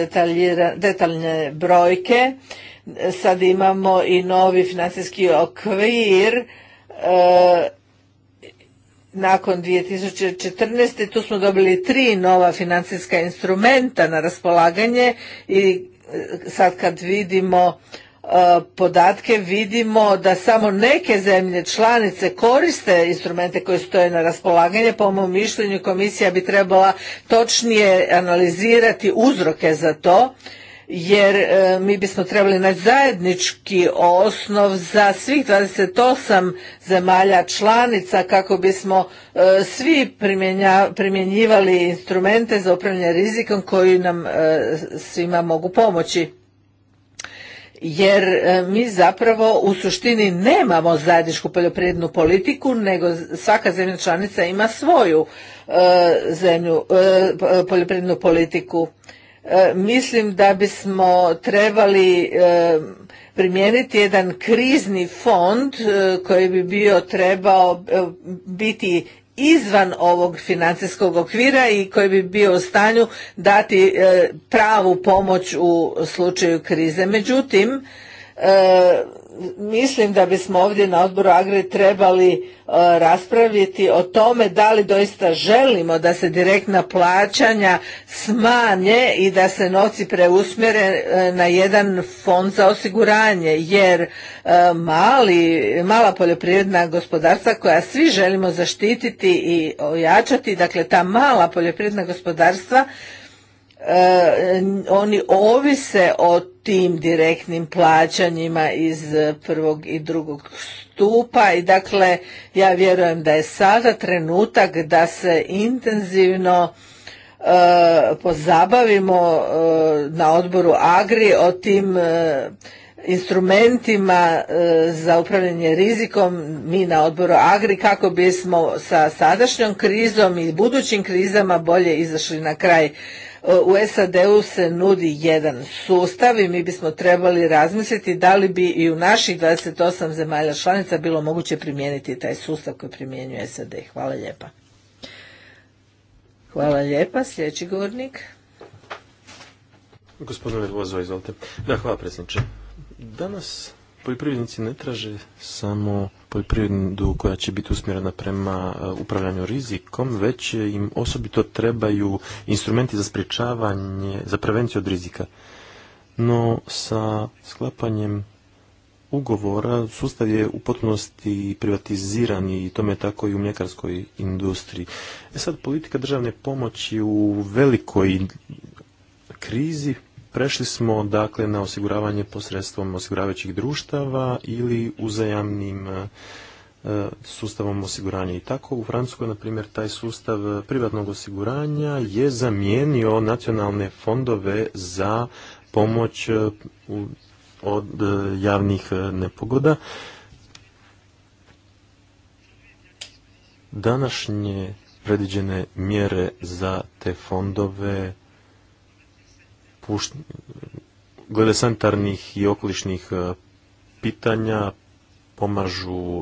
detaljne brojke. Sad imamo i novi financijski okvir e, nakon 2014. Tu smo dobili tri nova financijska instrumenta na raspolaganje i sad kad vidimo E, podatke vidimo da samo neke zemlje članice koriste instrumente koji stoje na raspolaganje. Po mom mišljenju komisija bi trebala točnije analizirati uzroke za to jer e, mi bismo trebali naći zajednički osnov za svih 28 zemalja članica kako bismo e, svi primjenjivali instrumente za upravljanje rizikom koji nam svima mogu pomoći jer e, mi zapravo u suštini nemamo zajedničku poljoprivrednu politiku nego svaka zemlja članica ima svoju e, zemlju e, poljoprivrednu politiku mislim da bismo trebali primijeniti jedan krizni fond koji bi bio trebao biti izvan ovog financijskog okvira i koji bi bio u stanju dati e, pravu pomoć u slučaju krize. Međutim, e, mislim da bismo ovdje na odboru Agri trebali e, raspraviti o tome da li doista želimo da se direktna plaćanja smanje i da se novci preusmjere e, na jedan fond za osiguranje jer e, mali, mala poljoprivredna gospodarstva koja svi želimo zaštititi i ojačati, dakle ta mala poljoprivredna gospodarstva E, oni ovise o tim direktnim plaćanjima iz prvog i drugog stupa i dakle ja vjerujem da je sada trenutak da se intenzivno e, pozabavimo e, na odboru Agri o tim instrumentima za upravljanje rizikom mi na odboru Agri kako bismo sa sadašnjom krizom i budućim krizama bolje izašli na kraj u SAD-u se nudi jedan sustav i mi bismo trebali razmisliti da li bi i u naših 28 zemalja članica bilo moguće primijeniti taj sustav koji primjenjuje SAD. Hvala lijepa. Hvala lijepa. Sljedeći govornik. Gospodine Vozova, izvolite. Da, hvala predsjedniče. Danas poljoprivrednici ne traže samo poljoprivredu koja će biti usmjerena prema eh, upravljanju rizikom, već im osobito trebaju instrumenti za sprječavanje, za prevenciju od rizika. No sa sklapanjem ugovora sustav je u potpunosti privatiziran i tome je tako i u mljekarskoj industriji. E sad politika državne pomoći u velikoj krizi Prešli smo dakle na osiguravanje posredstvom osiguravajućih društava ili uzajamnim e, sustavom osiguranja. I tako u Francuskoj, na primjer, taj sustav privatnog osiguranja je zamijenio nacionalne fondove za pomoć e, od e, javnih nepogoda. Današnje predviđene mjere za te fondove puš, glede sanitarnih i okolišnih e, pitanja pomažu e,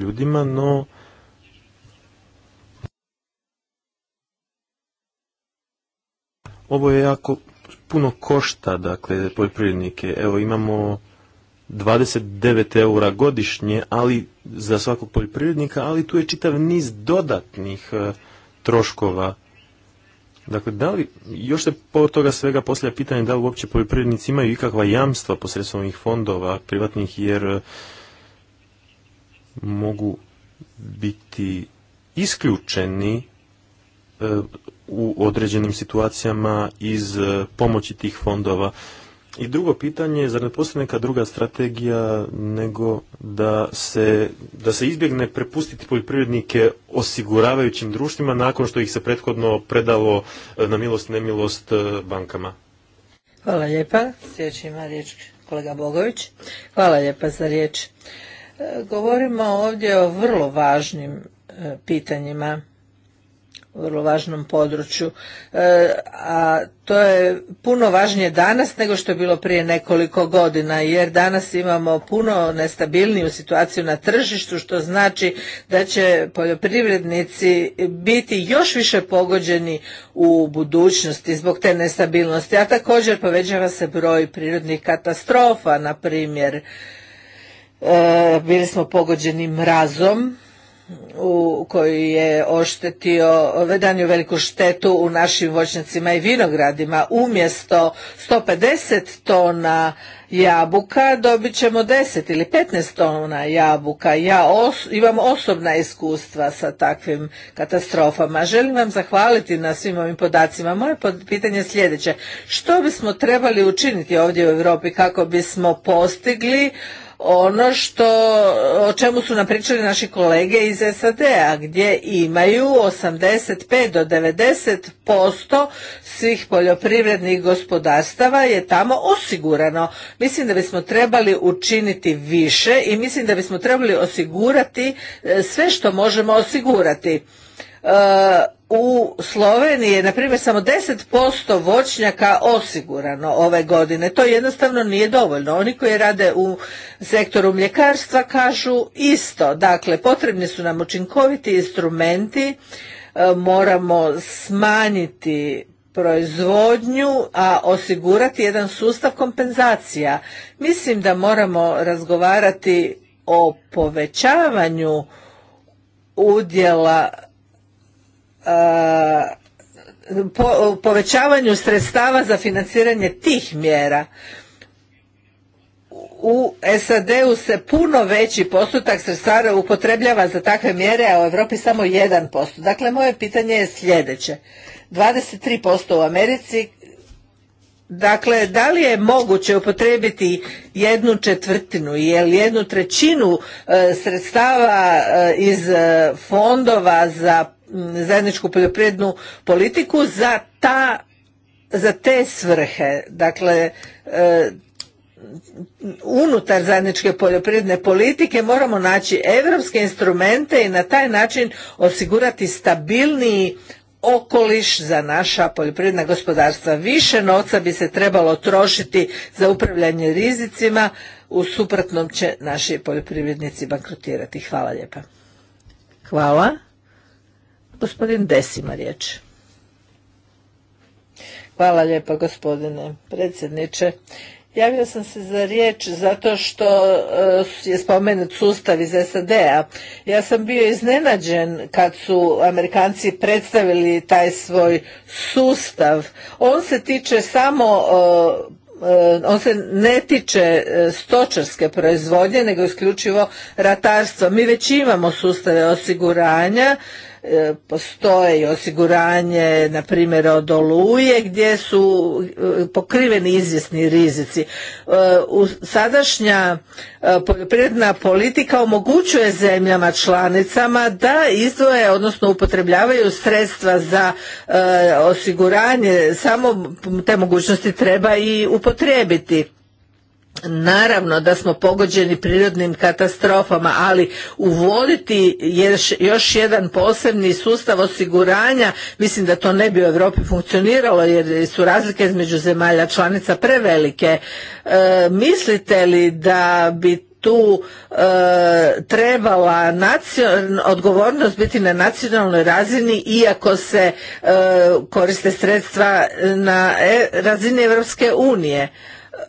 ljudima, no ovo je jako puno košta, dakle, poljoprivrednike. Evo, imamo 29 eura godišnje, ali za svakog poljoprivrednika, ali tu je čitav niz dodatnih e, troškova Dakle, da li, još se po toga svega poslije pitanje da li uopće poljoprivrednici imaju ikakva jamstva posredstvom ovih fondova privatnih, jer e, mogu biti isključeni e, u određenim situacijama iz e, pomoći tih fondova i drugo pitanje, zar ne postoji neka druga strategija nego da se, da se izbjegne prepustiti poljoprivrednike osiguravajućim društvima nakon što ih se prethodno predalo e, na milost nemilost e, bankama? Hvala lijepa. Sljedeći ima kolega Bogović. Hvala lijepa za riječ. E, govorimo ovdje o vrlo važnim pitanjima vrlo važnom području. E, a to je puno važnije danas nego što je bilo prije nekoliko godina, jer danas imamo puno nestabilniju situaciju na tržištu, što znači da će poljoprivrednici biti još više pogođeni u budućnosti zbog te nestabilnosti. A također povećava se broj prirodnih katastrofa, na primjer, e, bili smo pogođeni mrazom, koji je oštetio, danju veliku štetu u našim voćnjacima i vinogradima. Umjesto 150 tona jabuka dobit ćemo 10 ili 15 tona jabuka. Ja imam osobna iskustva sa takvim katastrofama. Želim vam zahvaliti na svim ovim podacima. Moje pitanje je sljedeće. Što bismo trebali učiniti ovdje u Europi kako bismo postigli ono što, o čemu su nam pričali naši kolege iz SAD-a, gdje imaju 85 do 90% svih poljoprivrednih gospodarstava je tamo osigurano. Mislim da bismo trebali učiniti više i mislim da bismo trebali osigurati e, sve što možemo osigurati u Sloveniji je, na primjer, samo 10% voćnjaka osigurano ove godine. To jednostavno nije dovoljno. Oni koji rade u sektoru mljekarstva kažu isto. Dakle, potrebni su nam učinkoviti instrumenti, e, moramo smanjiti proizvodnju, a osigurati jedan sustav kompenzacija. Mislim da moramo razgovarati o povećavanju udjela po, povećavanju sredstava za financiranje tih mjera u SAD-u se puno veći postotak sredstava upotrebljava za takve mjere, a u Europi samo posto Dakle, moje pitanje je sljedeće. 23% u Americi, dakle, da li je moguće upotrebiti jednu četvrtinu ili jednu trećinu e, sredstava e, iz e, fondova za zajedničku poljoprivrednu politiku za ta za te svrhe, dakle e, unutar zajedničke poljoprivredne politike moramo naći europske instrumente i na taj način osigurati stabilniji okoliš za naša poljoprivredna gospodarstva. Više novca bi se trebalo trošiti za upravljanje rizicima, u suprotnom će naši poljoprivrednici bankrotirati. Hvala lijepa. Hvala. Gospodin Desima riječ. Hvala lijepa gospodine predsjedniče. Javio sam se za riječ zato što e, je spomenut sustav iz SAD-a. Ja sam bio iznenađen kad su Amerikanci predstavili taj svoj sustav. On se tiče samo e, e, on se ne tiče stočarske proizvodnje, nego isključivo ratarstva. Mi već imamo sustave osiguranja E, postoje i osiguranje na primjer od oluje gdje su e, pokriveni izvjesni rizici. E, sadašnja poljoprivredna politika omogućuje zemljama članicama da izdvoje odnosno upotrebljavaju sredstva za osiguranje, samo te mogućnosti treba i upotrijebiti. Naravno da smo pogođeni prirodnim katastrofama, ali uvoditi još jedan posebni sustav osiguranja, mislim da to ne bi u Europi funkcioniralo jer su razlike između zemalja članica prevelike. E, mislite li da bi tu e, trebala nacion, odgovornost biti na nacionalnoj razini iako se e, koriste sredstva na razini Europske unije?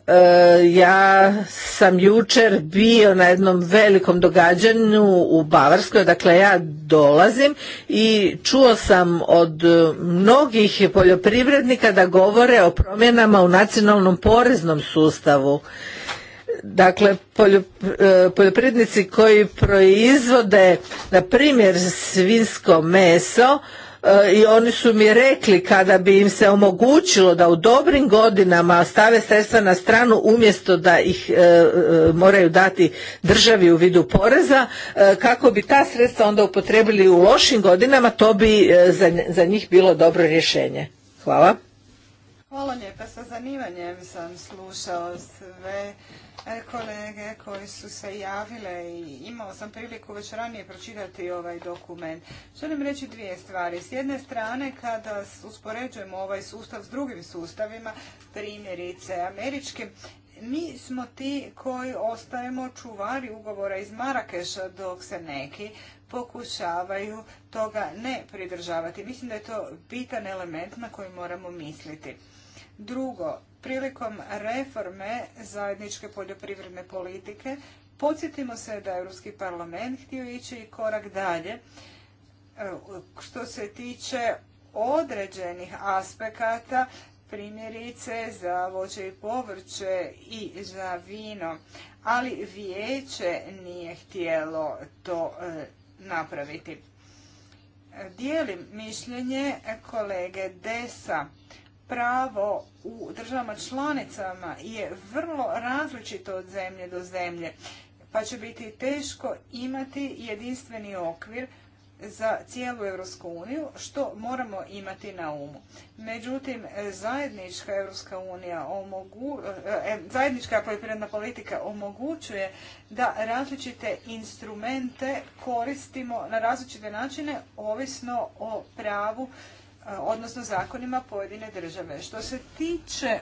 E, ja sam jučer bio na jednom velikom događanju u Bavarskoj, dakle ja dolazim i čuo sam od mnogih poljoprivrednika da govore o promjenama u nacionalnom poreznom sustavu. Dakle, e, poljoprivrednici koji proizvode, na primjer, svinsko meso, E, i oni su mi rekli kada bi im se omogućilo da u dobrim godinama stave sredstva na stranu umjesto da ih e, e, moraju dati državi u vidu poreza, kako bi ta sredstva onda upotrebili u lošim godinama, to bi za njih bilo dobro rješenje. Hvala. Hvala lijepa, sa zanimanjem sam slušao sve E, kolege koji su se javile i imao sam priliku već ranije pročitati ovaj dokument. Želim reći dvije stvari. S jedne strane, kada uspoređujemo ovaj sustav s drugim sustavima, primjerice američkim, mi smo ti koji ostajemo čuvari ugovora iz Marakeša dok se neki pokušavaju toga ne pridržavati. Mislim da je to bitan element na koji moramo misliti. Drugo, prilikom reforme zajedničke poljoprivredne politike. Podsjetimo se da je Europski parlament htio ići i korak dalje e, što se tiče određenih aspekata, primjerice za voće i povrće i za vino, ali vijeće nije htjelo to e, napraviti. Dijelim mišljenje kolege Desa pravo u državama članicama je vrlo različito od zemlje do zemlje, pa će biti teško imati jedinstveni okvir za cijelu Europsku uniju, što moramo imati na umu. Međutim, zajednička Europska unija e, zajednička poljoprivredna politika omogućuje da različite instrumente koristimo na različite načine ovisno o pravu E, odnosno zakonima pojedine države. Što se tiče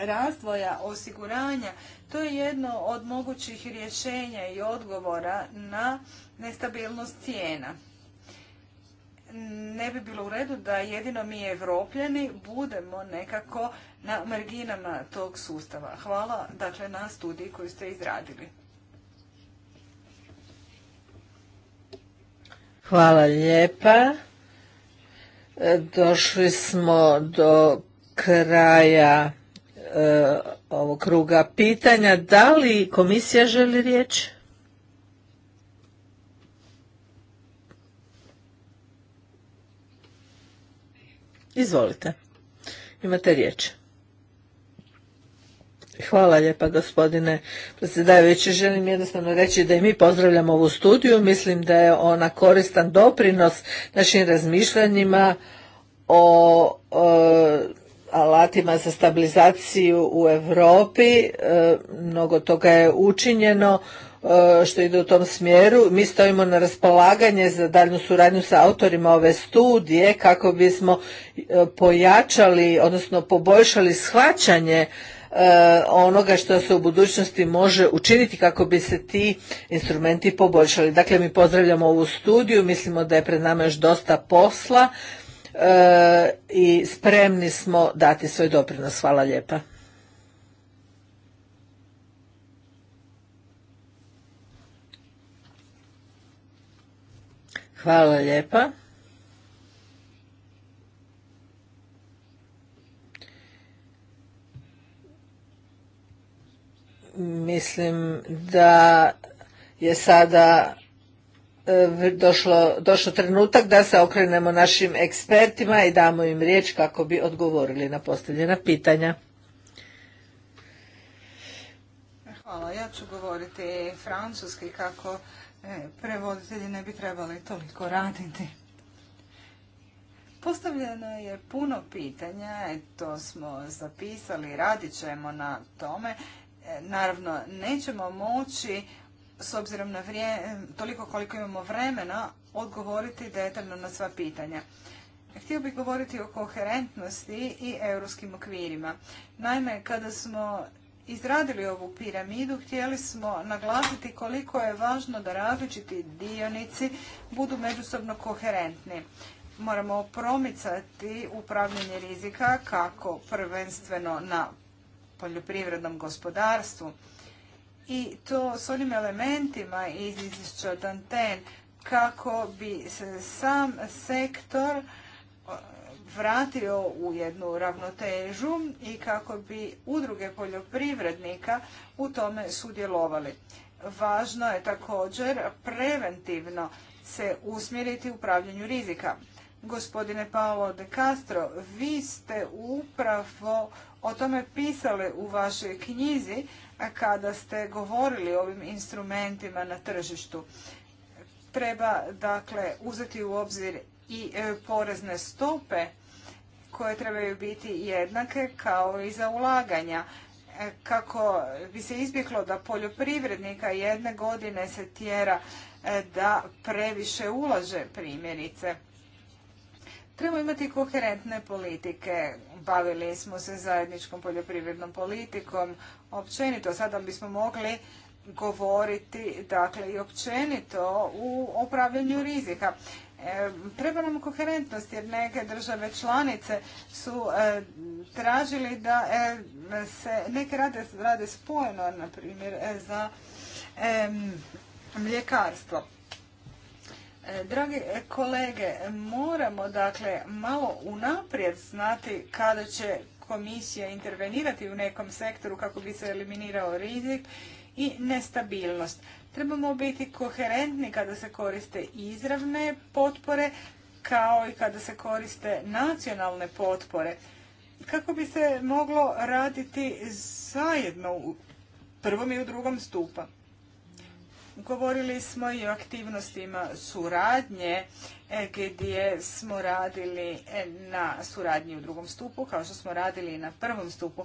razvoja osiguranja, to je jedno od mogućih rješenja i odgovora na nestabilnost cijena. Ne bi bilo u redu da jedino mi evropljani budemo nekako na marginama tog sustava. Hvala dakle na studiji koju ste izradili. Hvala lijepa. E, došli smo do kraja e, ovog kruga pitanja. Da li komisija želi riječ? Izvolite. Imate riječ. Hvala lijepa gospodine predsjedavajući. Želim jednostavno reći da i mi pozdravljamo ovu studiju. Mislim da je ona koristan doprinos našim razmišljanjima o, alatima za stabilizaciju u Europi. E, mnogo toga je učinjeno e, što ide u tom smjeru. Mi stojimo na raspolaganje za daljnu suradnju sa autorima ove studije kako bismo e, pojačali, odnosno poboljšali shvaćanje E, onoga što se u budućnosti može učiniti kako bi se ti instrumenti poboljšali. Dakle, mi pozdravljamo ovu studiju, mislimo da je pred nama još dosta posla e, i spremni smo dati svoj doprinos. Hvala lijepa. Hvala lijepa. mislim da je sada e, došlo, trenutak da se okrenemo našim ekspertima i damo im riječ kako bi odgovorili na postavljena pitanja. Hvala, ja ću govoriti francuski kako e, prevoditelji ne bi trebali toliko raditi. Postavljeno je puno pitanja, to smo zapisali, radit ćemo na tome Naravno, nećemo moći s obzirom na toliko koliko imamo vremena odgovoriti detaljno na sva pitanja. Htio bih govoriti o koherentnosti i europskim okvirima. Naime, kada smo izradili ovu piramidu, htjeli smo naglasiti koliko je važno da različiti dionici budu međusobno koherentni. Moramo promicati upravljanje rizika kako prvenstveno na poljoprivrednom gospodarstvu. I to s onim elementima iz izvješća Danten kako bi se sam sektor vratio u jednu ravnotežu i kako bi udruge poljoprivrednika u tome sudjelovali. Važno je također preventivno se usmjeriti u upravljanju rizika. Gospodine Paolo de Castro, vi ste upravo o tome pisale u vašoj knjizi kada ste govorili o ovim instrumentima na tržištu. Treba dakle uzeti u obzir i e, porezne stope koje trebaju biti jednake kao i za ulaganja e, kako bi se izbjeglo da poljoprivrednika jedne godine se tjera e, da previše ulaže primjerice. Trebamo imati koherentne politike. Bavili smo se zajedničkom poljoprivrednom politikom. Općenito sada bismo mogli govoriti dakle i općenito u upravljanju rizika. E, treba nam koherentnost jer neke države članice su e, tražili da e, se neke rade, rade spojeno, na primjer, za mljekarstvo. Dragi kolege, moramo dakle malo unaprijed znati kada će komisija intervenirati u nekom sektoru kako bi se eliminirao rizik i nestabilnost. Trebamo biti koherentni kada se koriste izravne potpore kao i kada se koriste nacionalne potpore. Kako bi se moglo raditi zajedno u prvom i u drugom stupa. Govorili smo i o aktivnostima suradnje e, gdje smo radili e, na suradnji u drugom stupu kao što smo radili i na prvom stupu.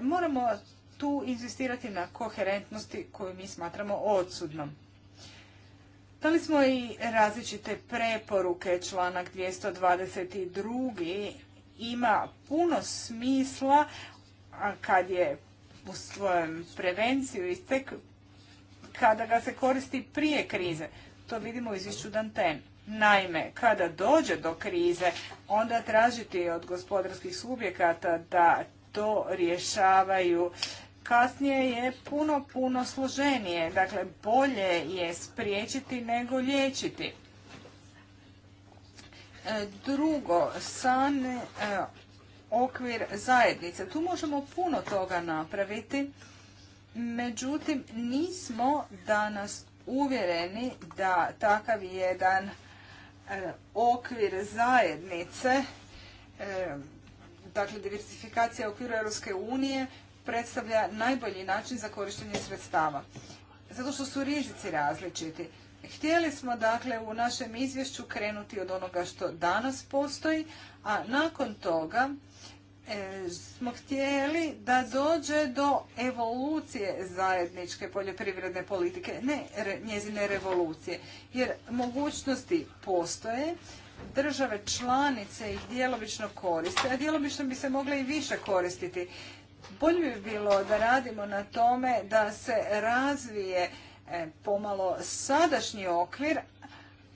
Moramo tu inzistirati na koherentnosti koju mi smatramo odsudnom. Dali smo i različite preporuke, članak 222. ima puno smisla kad je u svojem prevenciju i tek kada ga se koristi prije krize. To vidimo u izvješću Danten. Naime, kada dođe do krize, onda tražiti od gospodarskih subjekata da to rješavaju kasnije je puno, puno složenije. Dakle, bolje je spriječiti nego liječiti. E, drugo, san e, okvir zajednice. Tu možemo puno toga napraviti Međutim, nismo danas uvjereni da takav jedan e, okvir zajednice, e, dakle diversifikacija okvira Europske unije, predstavlja najbolji način za korištenje sredstava. Zato što su rizici različiti. Htjeli smo dakle u našem izvješću krenuti od onoga što danas postoji, a nakon toga E, smo htjeli da dođe do evolucije zajedničke poljoprivredne politike, ne njezine revolucije, jer mogućnosti postoje, države članice ih djelomično koriste, a djelomično bi se mogle i više koristiti. Bolje bi bilo da radimo na tome da se razvije e, pomalo sadašnji okvir,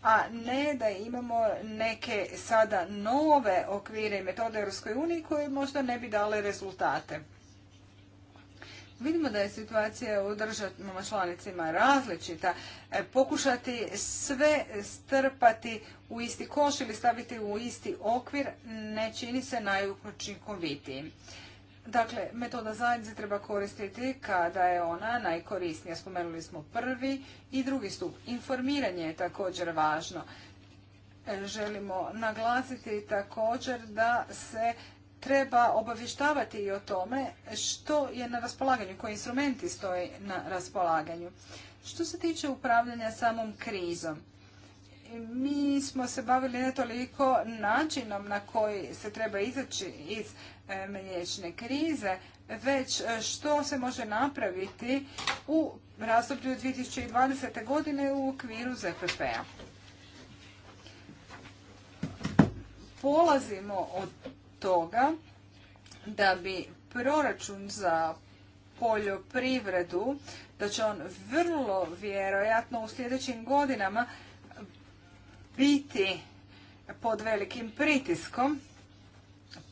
a ne da imamo neke sada nove okvire i metode Europskoj uniji koje možda ne bi dale rezultate. Vidimo da je situacija u državama članicima različita. E, pokušati sve strpati u isti koš ili staviti u isti okvir ne čini se najučinkovitijim. Dakle, metoda zajednice treba koristiti kada je ona najkorisnija. Spomenuli smo prvi i drugi stup. Informiranje je također važno. E, želimo naglasiti također da se treba obavještavati i o tome što je na raspolaganju, koji instrumenti stoje na raspolaganju. Što se tiče upravljanja samom krizom, mi smo se bavili ne toliko načinom na koji se treba izaći iz e, mliječne krize, već e, što se može napraviti u razdoblju 2020. godine u okviru ZPP-a. Polazimo od toga da bi proračun za poljoprivredu, da će on vrlo vjerojatno u sljedećim godinama biti pod velikim pritiskom,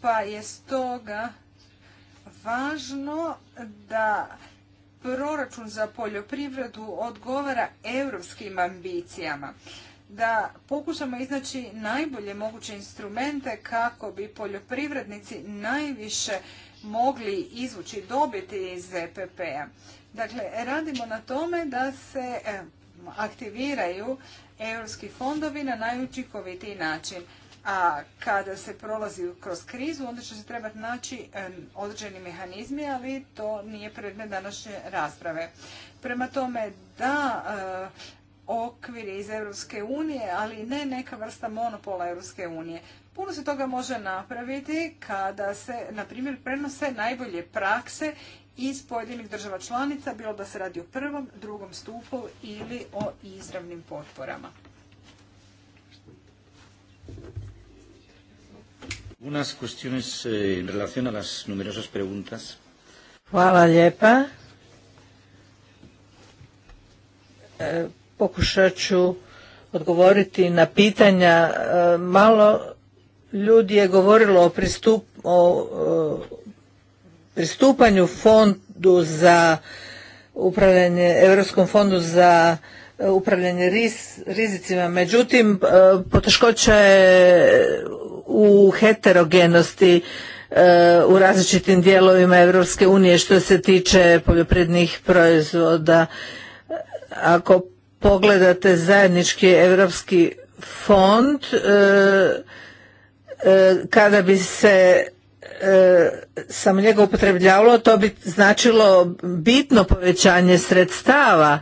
pa je stoga važno da proračun za poljoprivredu odgovara europskim ambicijama da pokušamo iznaći najbolje moguće instrumente kako bi poljoprivrednici najviše mogli izvući dobiti iz EPP-a. Dakle, radimo na tome da se e, aktiviraju europski fondovi na najučinkovitiji način. A kada se prolazi kroz krizu, onda će se trebati naći određeni mehanizmi, ali to nije predmet današnje rasprave. Prema tome, da e, okviri iz Europske unije, ali ne neka vrsta monopola Europske unije. Puno se toga može napraviti kada se, na primjer, prenose najbolje prakse iz pojedinih država članica, bilo da se radi o prvom, drugom stupu ili o izravnim potporama. Unas cuestiones eh, Hvala lijepa. E, pokušat ću odgovoriti na pitanja. E, malo ljudi je govorilo o pristupu o pristupanju fondu za upravljanje, Europskom fondu za e, upravljanje rizicima. Međutim, e, poteškoća je u heterogenosti e, u različitim dijelovima Europske unije što se tiče poljoprivrednih proizvoda. Ako pogledate zajednički Europski fond, kada bi se sam njega upotrebljavalo, to bi značilo bitno povećanje sredstava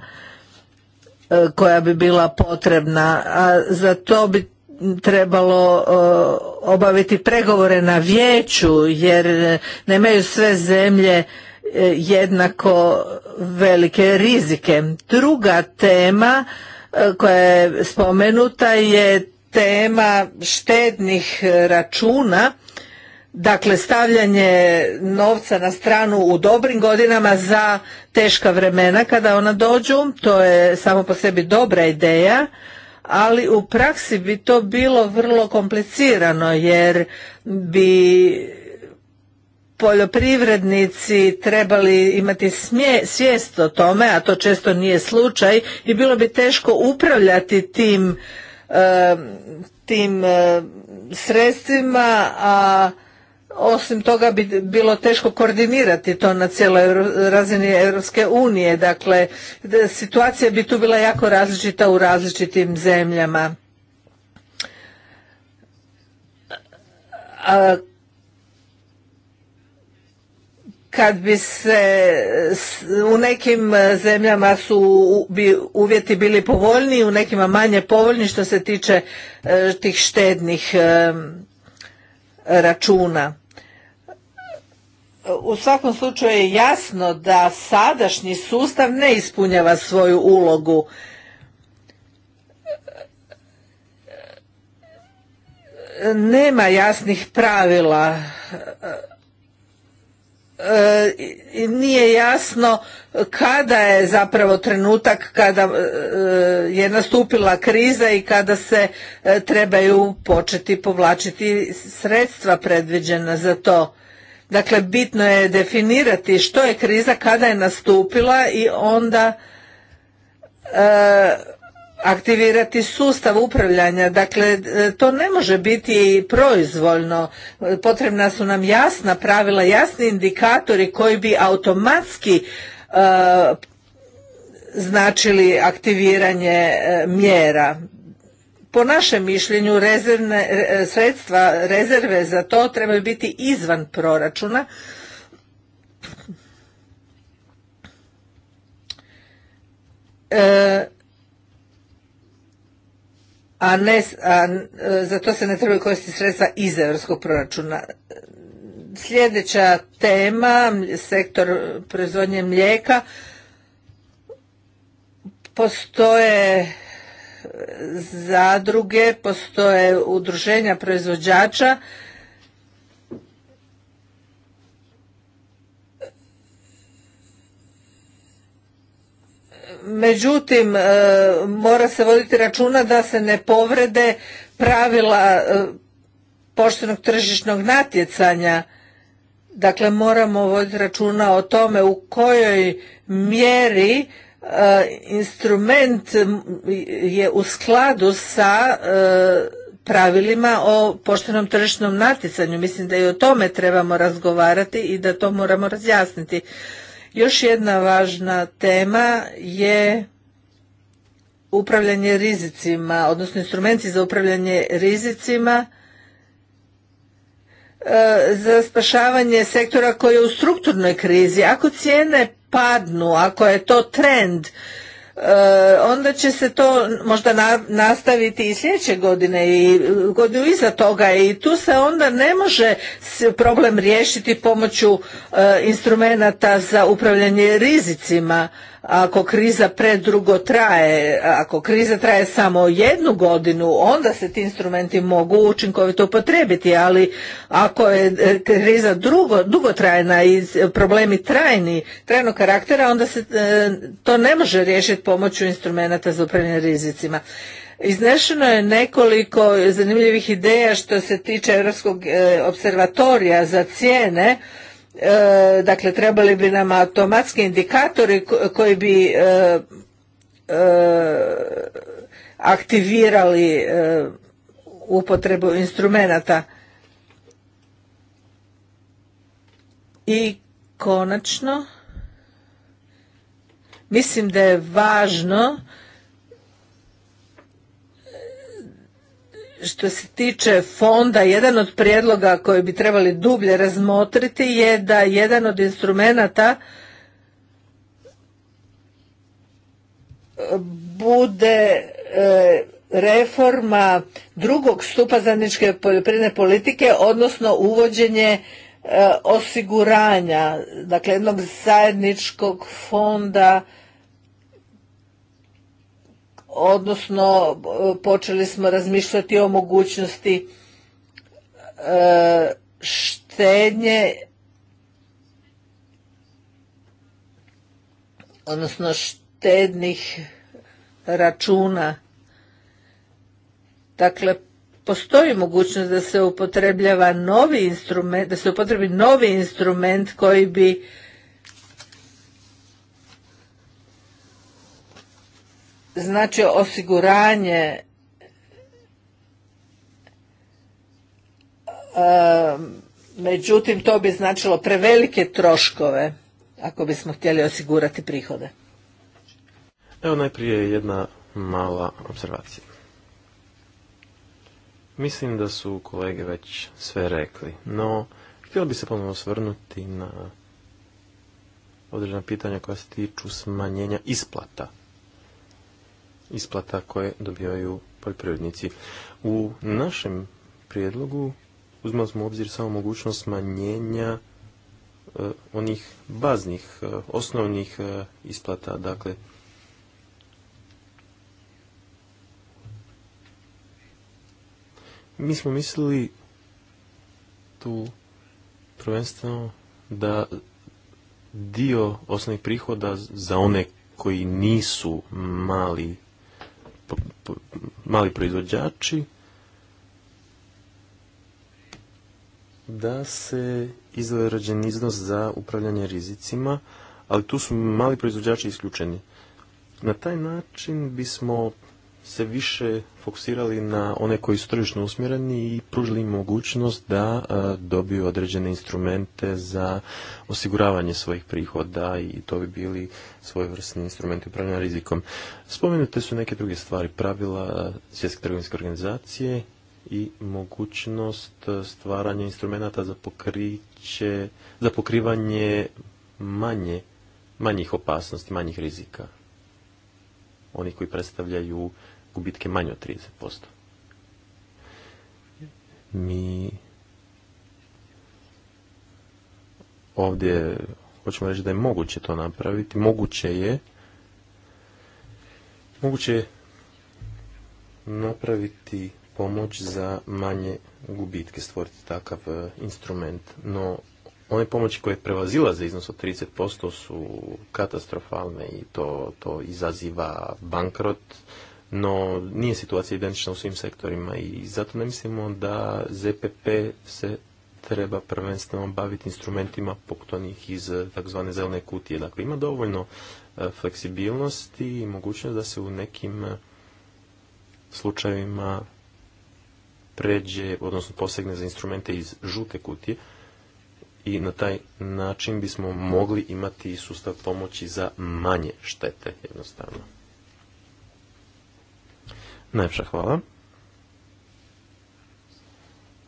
e, koja bi bila potrebna, a za to bi trebalo e, obaviti pregovore na vijeću jer nemaju sve zemlje e, jednako velike rizike. Druga tema koja je spomenuta je tema štednih računa dakle stavljanje novca na stranu u dobrim godinama za teška vremena kada ona dođu, to je samo po sebi dobra ideja, ali u praksi bi to bilo vrlo komplicirano jer bi poljoprivrednici trebali imati svijest o tome, a to često nije slučaj i bilo bi teško upravljati tim, eh, tim eh, sredstvima, a osim toga bi bilo teško koordinirati to na cijeloj razini Europske unije. Dakle, situacija bi tu bila jako različita u različitim zemljama. kad bi se u nekim zemljama su bi uvjeti bili povoljniji, u nekima manje povoljni što se tiče e, tih štednih računa u svakom slučaju je jasno da sadašnji sustav ne ispunjava svoju ulogu. Nema jasnih pravila. E, nije jasno kada je zapravo trenutak kada e, je nastupila kriza i kada se e, trebaju početi povlačiti sredstva predviđena za to Dakle, bitno je definirati što je kriza, kada je nastupila i onda e, aktivirati sustav upravljanja. Dakle, e, to ne može biti proizvoljno. Potrebna su nam jasna pravila, jasni indikatori koji bi automatski e, značili aktiviranje e, mjera. Po našem mišljenju rezervne, e, sredstva rezerve za to trebaju biti izvan proračuna. E, a ne, e, za to se ne trebaju koristiti sredstva iz europskog proračuna. Sljedeća tema, sektor proizvodnje mlijeka, postoje zadruge, postoje udruženja proizvođača. Međutim, e, mora se voditi računa da se ne povrede pravila e, poštenog tržišnog natjecanja. Dakle, moramo voditi računa o tome u kojoj mjeri E, instrument je u skladu sa e, pravilima o poštenom tržišnom natjecanju. Mislim da i o tome trebamo razgovarati i da to moramo razjasniti. Još jedna važna tema je upravljanje rizicima, odnosno instrumenti za upravljanje rizicima e, za spašavanje sektora koji je u strukturnoj krizi. Ako cijene padnu, ako je to trend, E, onda će se to možda nastaviti i sljedeće godine i e, godinu iza toga i tu se onda ne može problem riješiti pomoću e, instrumenata za upravljanje rizicima ako kriza predugo traje, ako kriza traje samo jednu godinu, onda se ti instrumenti mogu učinkovito upotrijebiti, ali ako je kriza drugo, dugotrajna i problemi trajni, trajnog karaktera, onda se to ne može riješiti pomoću instrumenata za upravljanje rizicima. Iznešeno je nekoliko zanimljivih ideja što se tiče Europskog e, observatorija za cijene. E, dakle, trebali bi nam automatski indikatori koji bi e, aktivirali upotrebu instrumenata. I konačno Mislim da je važno što se tiče fonda, jedan od prijedloga koji bi trebali dublje razmotriti je da jedan od instrumenata bude e, reforma drugog stupa zajedničke poljoprivredne politike, odnosno uvođenje E, osiguranja, dakle jednog zajedničkog fonda, odnosno e, počeli smo razmišljati o mogućnosti e, štednje, odnosno štednih računa. Dakle, postoji mogućnost da se upotrebljava novi instrument, da se upotrebi novi instrument koji bi značio osiguranje um, međutim to bi značilo prevelike troškove ako bismo htjeli osigurati prihode. Evo najprije jedna mala observacija. Mislim da su kolege već sve rekli, no htjela bi se ponovno svrnuti na određena pitanja koja se tiču smanjenja isplata. Isplata koje dobivaju poljoprivrednici. U našem prijedlogu uzmali smo u obzir samo mogućnost smanjenja e, onih baznih, e, osnovnih e, isplata, dakle Mi smo mislili tu prvenstveno da dio osnovnih prihoda za one koji nisu mali, mali proizvođači da se izrađen iznos za upravljanje rizicima, ali tu su mali proizvođači isključeni. Na taj način bismo se više fokusirali na one koji su tržišno usmjereni i pružili im mogućnost da e, dobiju određene instrumente za osiguravanje svojih prihoda i to bi bili svojevrsni instrumenti upravljanja rizikom. Spomenute su neke druge stvari, pravila e, svjetske trgovinske organizacije i mogućnost e, stvaranja instrumenta za pokriće, za pokrivanje manje, manjih opasnosti, manjih rizika. Oni koji predstavljaju gubitke manje od 30%. Mi ovdje hoćemo reći da je moguće to napraviti. Moguće je moguće je napraviti pomoć za manje gubitke, stvoriti takav e, instrument. No, one pomoći koje prevazila za iznos od 30% su katastrofalne i to, to izaziva bankrot, no nije situacija identična u svim sektorima i zato ne mislimo da ZPP se treba prvenstveno baviti instrumentima poput onih iz takzvane zelene kutije. Dakle, ima dovoljno e, fleksibilnosti i mogućnost da se u nekim e, slučajevima pređe, odnosno posegne za instrumente iz žute kutije i na taj način bismo mogli imati sustav pomoći za manje štete jednostavno. Najpša hvala.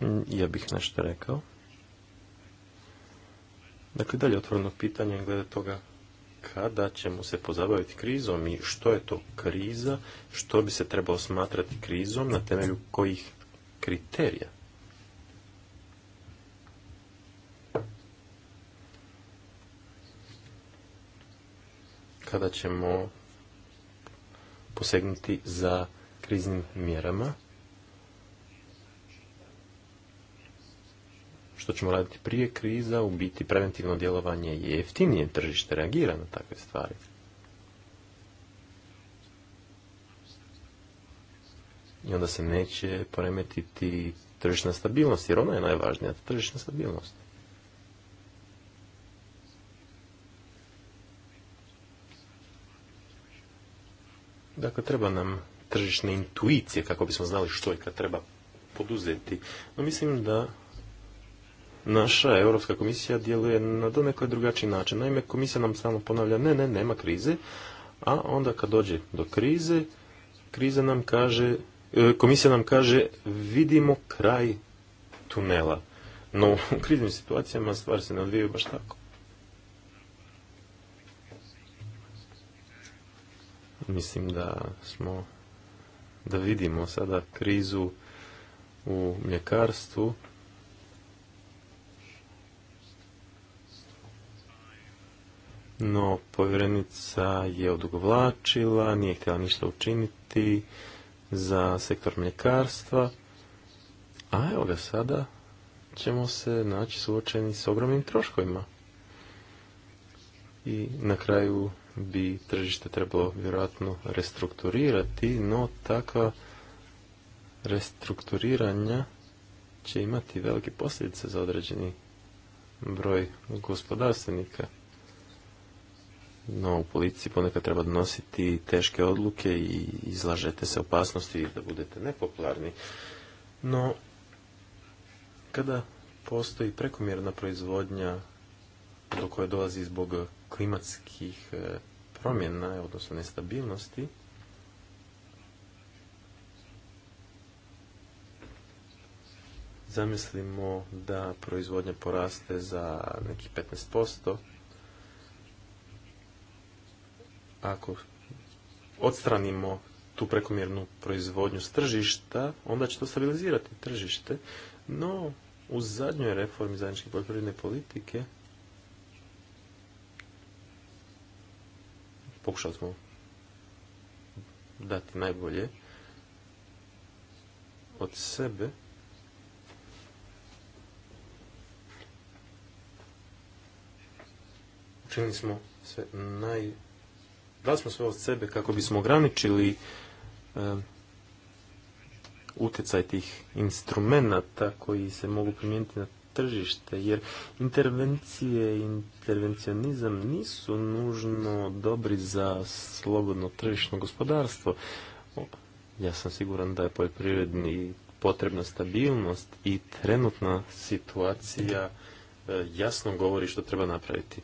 Mm, ja bih nešto rekao. Dakle, dalje otvoreno pitanje glede toga kada ćemo se pozabaviti krizom i što je to kriza, što bi se trebalo smatrati krizom, na temelju kojih kriterija. Kada ćemo posegnuti za kriznim mjerama. Što ćemo raditi prije kriza, u biti preventivno djelovanje je jeftinije, tržište reagira na takve stvari. I onda se neće poremetiti tržišna stabilnost, jer ona je najvažnija, tržišna stabilnost. Dakle, treba nam tržišne intuicije kako bismo znali što i kad treba poduzeti. No mislim da naša Europska komisija djeluje na donekle drugačiji način. Naime, komisija nam samo ponavlja ne, ne, nema krize, a onda kad dođe do krize, kriza nam kaže, e, komisija nam kaže vidimo kraj tunela. No u kriznim situacijama stvari se ne odvijaju baš tako. Mislim da smo da vidimo sada krizu u mljekarstvu. No, povjerenica je odugovlačila, nije htjela ništa učiniti za sektor mljekarstva. A evo ga sada ćemo se naći suočeni s ogromnim troškovima. I na kraju bi tržište trebalo vjerojatno restrukturirati, no takva restrukturiranja će imati velike posljedice za određeni broj gospodarstvenika. No, u policiji ponekad treba donositi teške odluke i izlažete se opasnosti da budete nepopularni. No, kada postoji prekomjerna proizvodnja do koje dolazi zbog klimatskih eh, promjena, odnosno nestabilnosti, zamislimo da proizvodnja poraste za neki 15%, ako odstranimo tu prekomjernu proizvodnju s tržišta, onda će to stabilizirati tržište, no u zadnjoj reformi zajedničke poljoprivredne politike pokušali smo dati najbolje od sebe učinili smo sve naj dali smo sve od sebe kako bismo ograničili eh, utjecaj tih instrumenata koji se mogu primijeniti na tržište, jer intervencije i intervencionizam nisu nužno dobri za slobodno tržišno gospodarstvo. Ja sam siguran da je poljoprivredni potrebna stabilnost i trenutna situacija e, jasno govori što treba napraviti.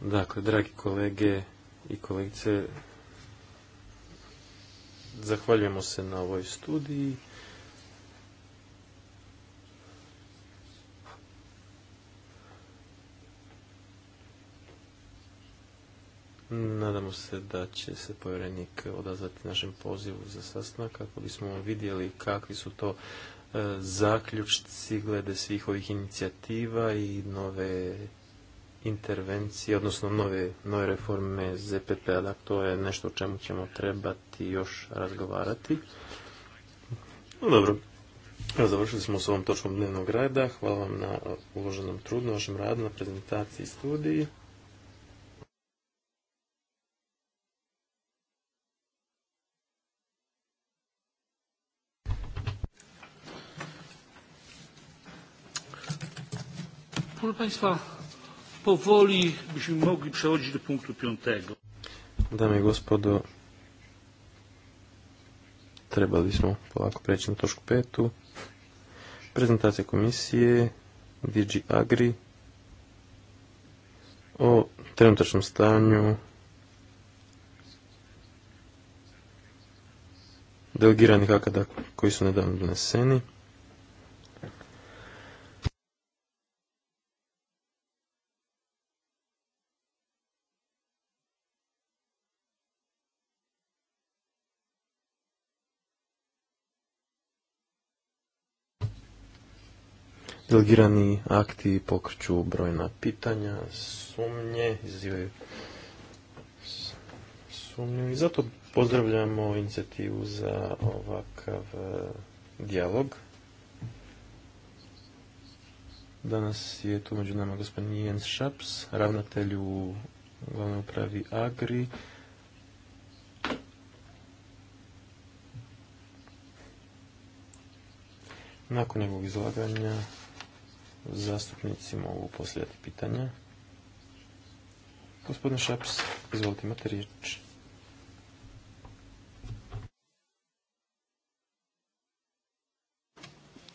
Dakle, dragi kolege i kolegice, zahvaljujemo se na ovoj studiji. Nadamo se da će se povjerenik odazvati našem pozivu za sastanak kako bismo vidjeli kakvi su to e, zaključci glede svih ovih inicijativa i nove intervencije, odnosno nove, nove reforme ZPP-a. Dakle, to je nešto o čemu ćemo trebati još razgovarati. No, dobro, završili smo s ovom točkom dnevnog reda. Hvala vam na uloženom trudu, na vašem radu, na prezentaciji i studiji. proszę Państwa, powoli byśmy mogli przechodzić do punktu piątego. Dame i gospodo, trebali smo polako preći na točku petu. Prezentacija komisije DG Agri o trenutačnom stanju delegiranih akada koji su nedavno doneseni. Delegirani akti pokreću brojna pitanja, sumnje, izazivaju sumnju i zato pozdravljamo inicijativu za ovakav e, dijalog. Danas je tu među nama gospodin Jens Šaps, ravnatelj u glavnoj upravi Agri. Nakon njegovog izlaganja Zastupnici mogu postaviti pitanja. Gospodin Šaps, izvolite, imate riječ.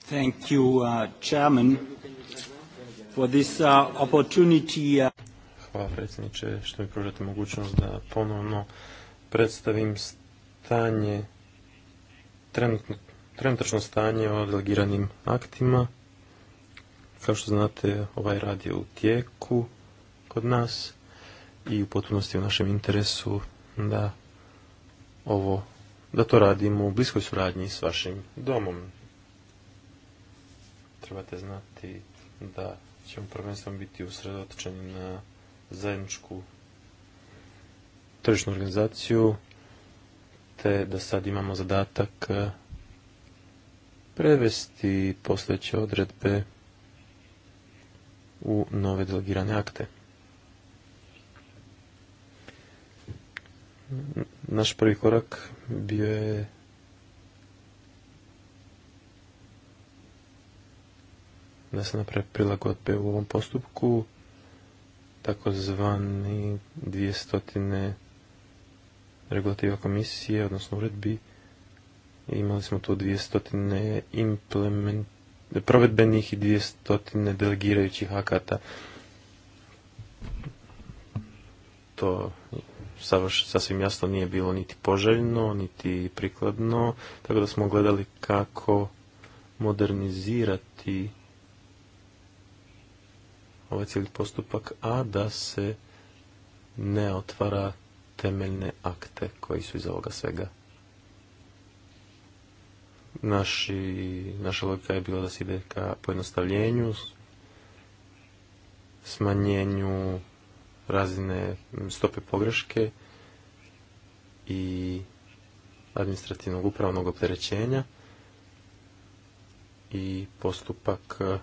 Thank you, uh, Chairman, for this uh, opportunity. Uh, Hvala predsjedniče što mi pružate mogućnost da ponovno predstavim stanje, trenutno, trenutačno stanje o delegiranim aktima. Kao što znate, ovaj rad je u tijeku kod nas i u potpunosti u našem interesu da ovo da to radimo u bliskoj suradnji s vašim domom. Trebate znati da ćemo prvenstveno biti usredotočeni na zajedničku tržišnu organizaciju, te da sad imamo zadatak eh, prevesti postojeće odredbe u nove delegirane akte. Naš prvi korak bio je da se naprave prilagodbe u ovom postupku takozvani stotine regulativa komisije, odnosno uredbi. Imali smo tu stotine implement provedbenih i 200 delegirajućih akata. To savrš, sasvim jasno nije bilo niti poželjno, niti prikladno, tako da smo gledali kako modernizirati ovaj cijeli postupak, a da se ne otvara temeljne akte koji su iz ovoga svega Naši, naša logika je bila da se ide ka pojednostavljenju, smanjenju razine stope pogreške i administrativnog upravnog opterećenja i postupak e,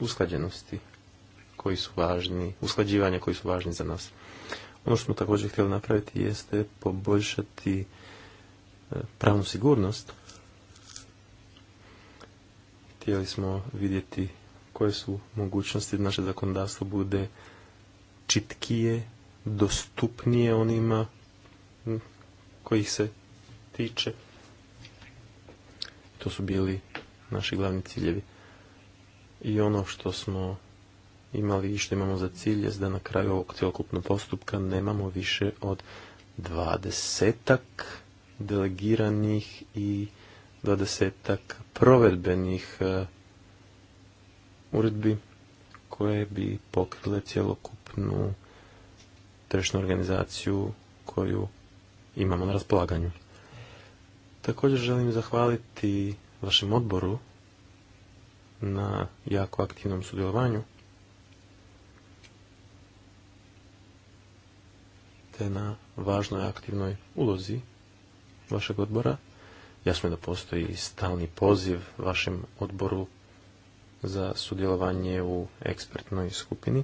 usklađenosti koji su važni, usklađivanja koji su važni za nas. Ono što smo također htjeli napraviti jeste poboljšati pravnu sigurnost, htjeli smo vidjeti koje su mogućnosti da naše zakonodavstvo bude čitkije, dostupnije onima kojih se tiče. To su bili naši glavni ciljevi. I ono što smo imali i što imamo za cilj je da na kraju ovog cjelokupnog postupka nemamo više od dvadesetak delegiranih i dvadesetak provedbenih e, uredbi koje bi pokrile cjelokupnu tržišnu organizaciju koju imamo na raspolaganju. Također želim zahvaliti vašem odboru na jako aktivnom sudjelovanju te na važnoj aktivnoj ulozi vašeg odbora. Jasno je da postoji stalni poziv vašem odboru za sudjelovanje u ekspertnoj skupini.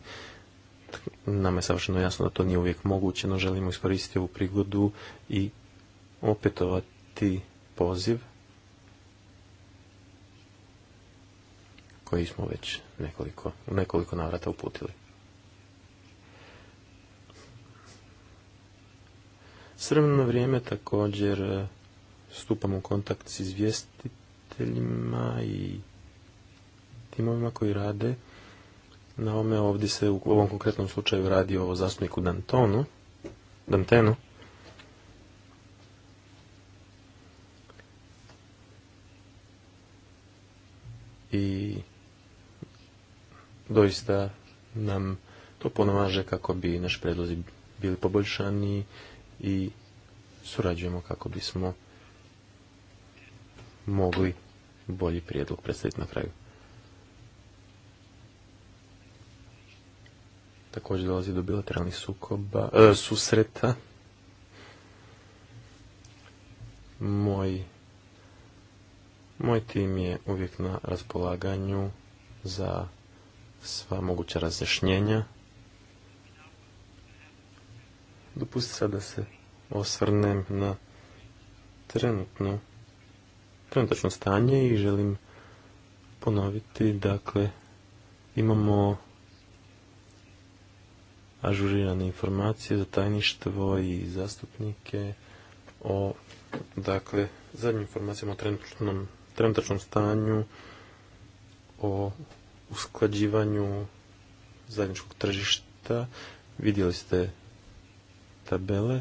Nama je savršeno jasno da to nije uvijek moguće, no želimo iskoristiti ovu prigodu i opetovati poziv koji smo već nekoliko, nekoliko navrata uputili. S vrijeme također e, stupamo u kontakt s izvjestiteljima i timovima koji rade na ovome. Ovdje se u ovom konkretnom slučaju radi o zastupniku Dantonu, Dantenu. I doista nam to ponovaže kako bi naši predlozi bili poboljšani i surađujemo kako bismo mogli bolji prijedlog predstaviti na kraju. Također dolazi do bilateralnih sukoba, e, susreta. Moj, moj tim je uvijek na raspolaganju za sva moguća razjašnjenja Dopustite sad da se osvrnem na trenutno trenutačno stanje i želim ponoviti, dakle, imamo ažurirane informacije za tajništvo i zastupnike o, dakle, zadnjim informacijama o trenutnom, trenutačnom stanju, o usklađivanju zajedničkog tržišta. Vidjeli ste tabele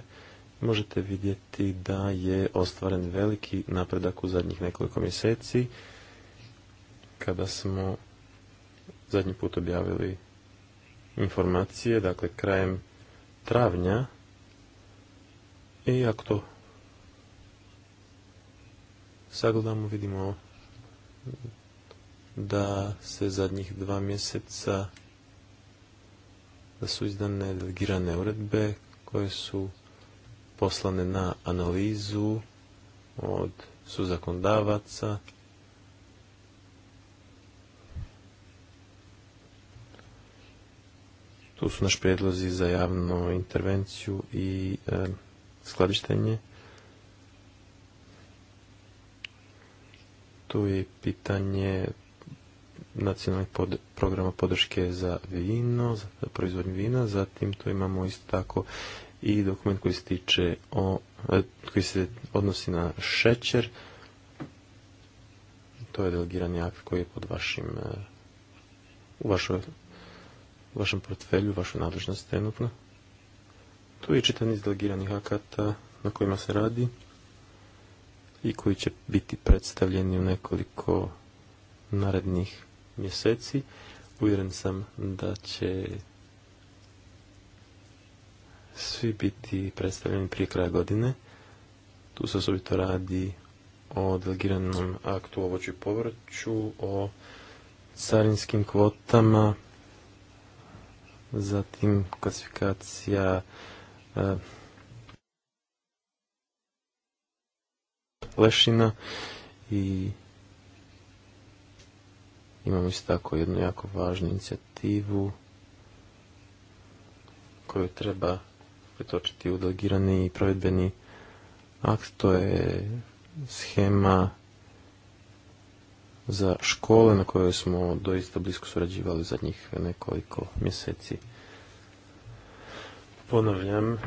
možete vidjeti da je ostvaren veliki napredak u zadnjih nekoliko mjeseci kada smo zadnji put objavili informacije, dakle krajem travnja i ako to sagledamo vidimo da se zadnjih dva mjeseca da su izdane delegirane uredbe koje su poslane na analizu od suzakondavaca Tu su naš prijedlozi za javnu intervenciju i e, skladištenje. Tu je pitanje nacionalnih pod, programa podrške za vino, za proizvodnju vina, zatim to imamo isto tako i dokument koji se tiče o, e, koji se odnosi na šećer. To je delegirani akt koji je pod vašim e, u, vašem portfelju, vašoj nadležnosti trenutno. Tu je čitan iz delegiranih akata na kojima se radi i koji će biti predstavljeni u nekoliko narednih mjeseci. Uvjeren sam da će svi biti predstavljeni prije kraja godine. Tu se osobito radi o delegiranom aktu o i povrću, o carinskim kvotama, zatim klasifikacija e, lešina i Imamo isto tako jednu jako važnu inicijativu koju treba pretočiti u delegirani i provedbeni akt. To je schema za škole na kojoj smo doista blisko surađivali zadnjih nekoliko mjeseci. Ponavljam,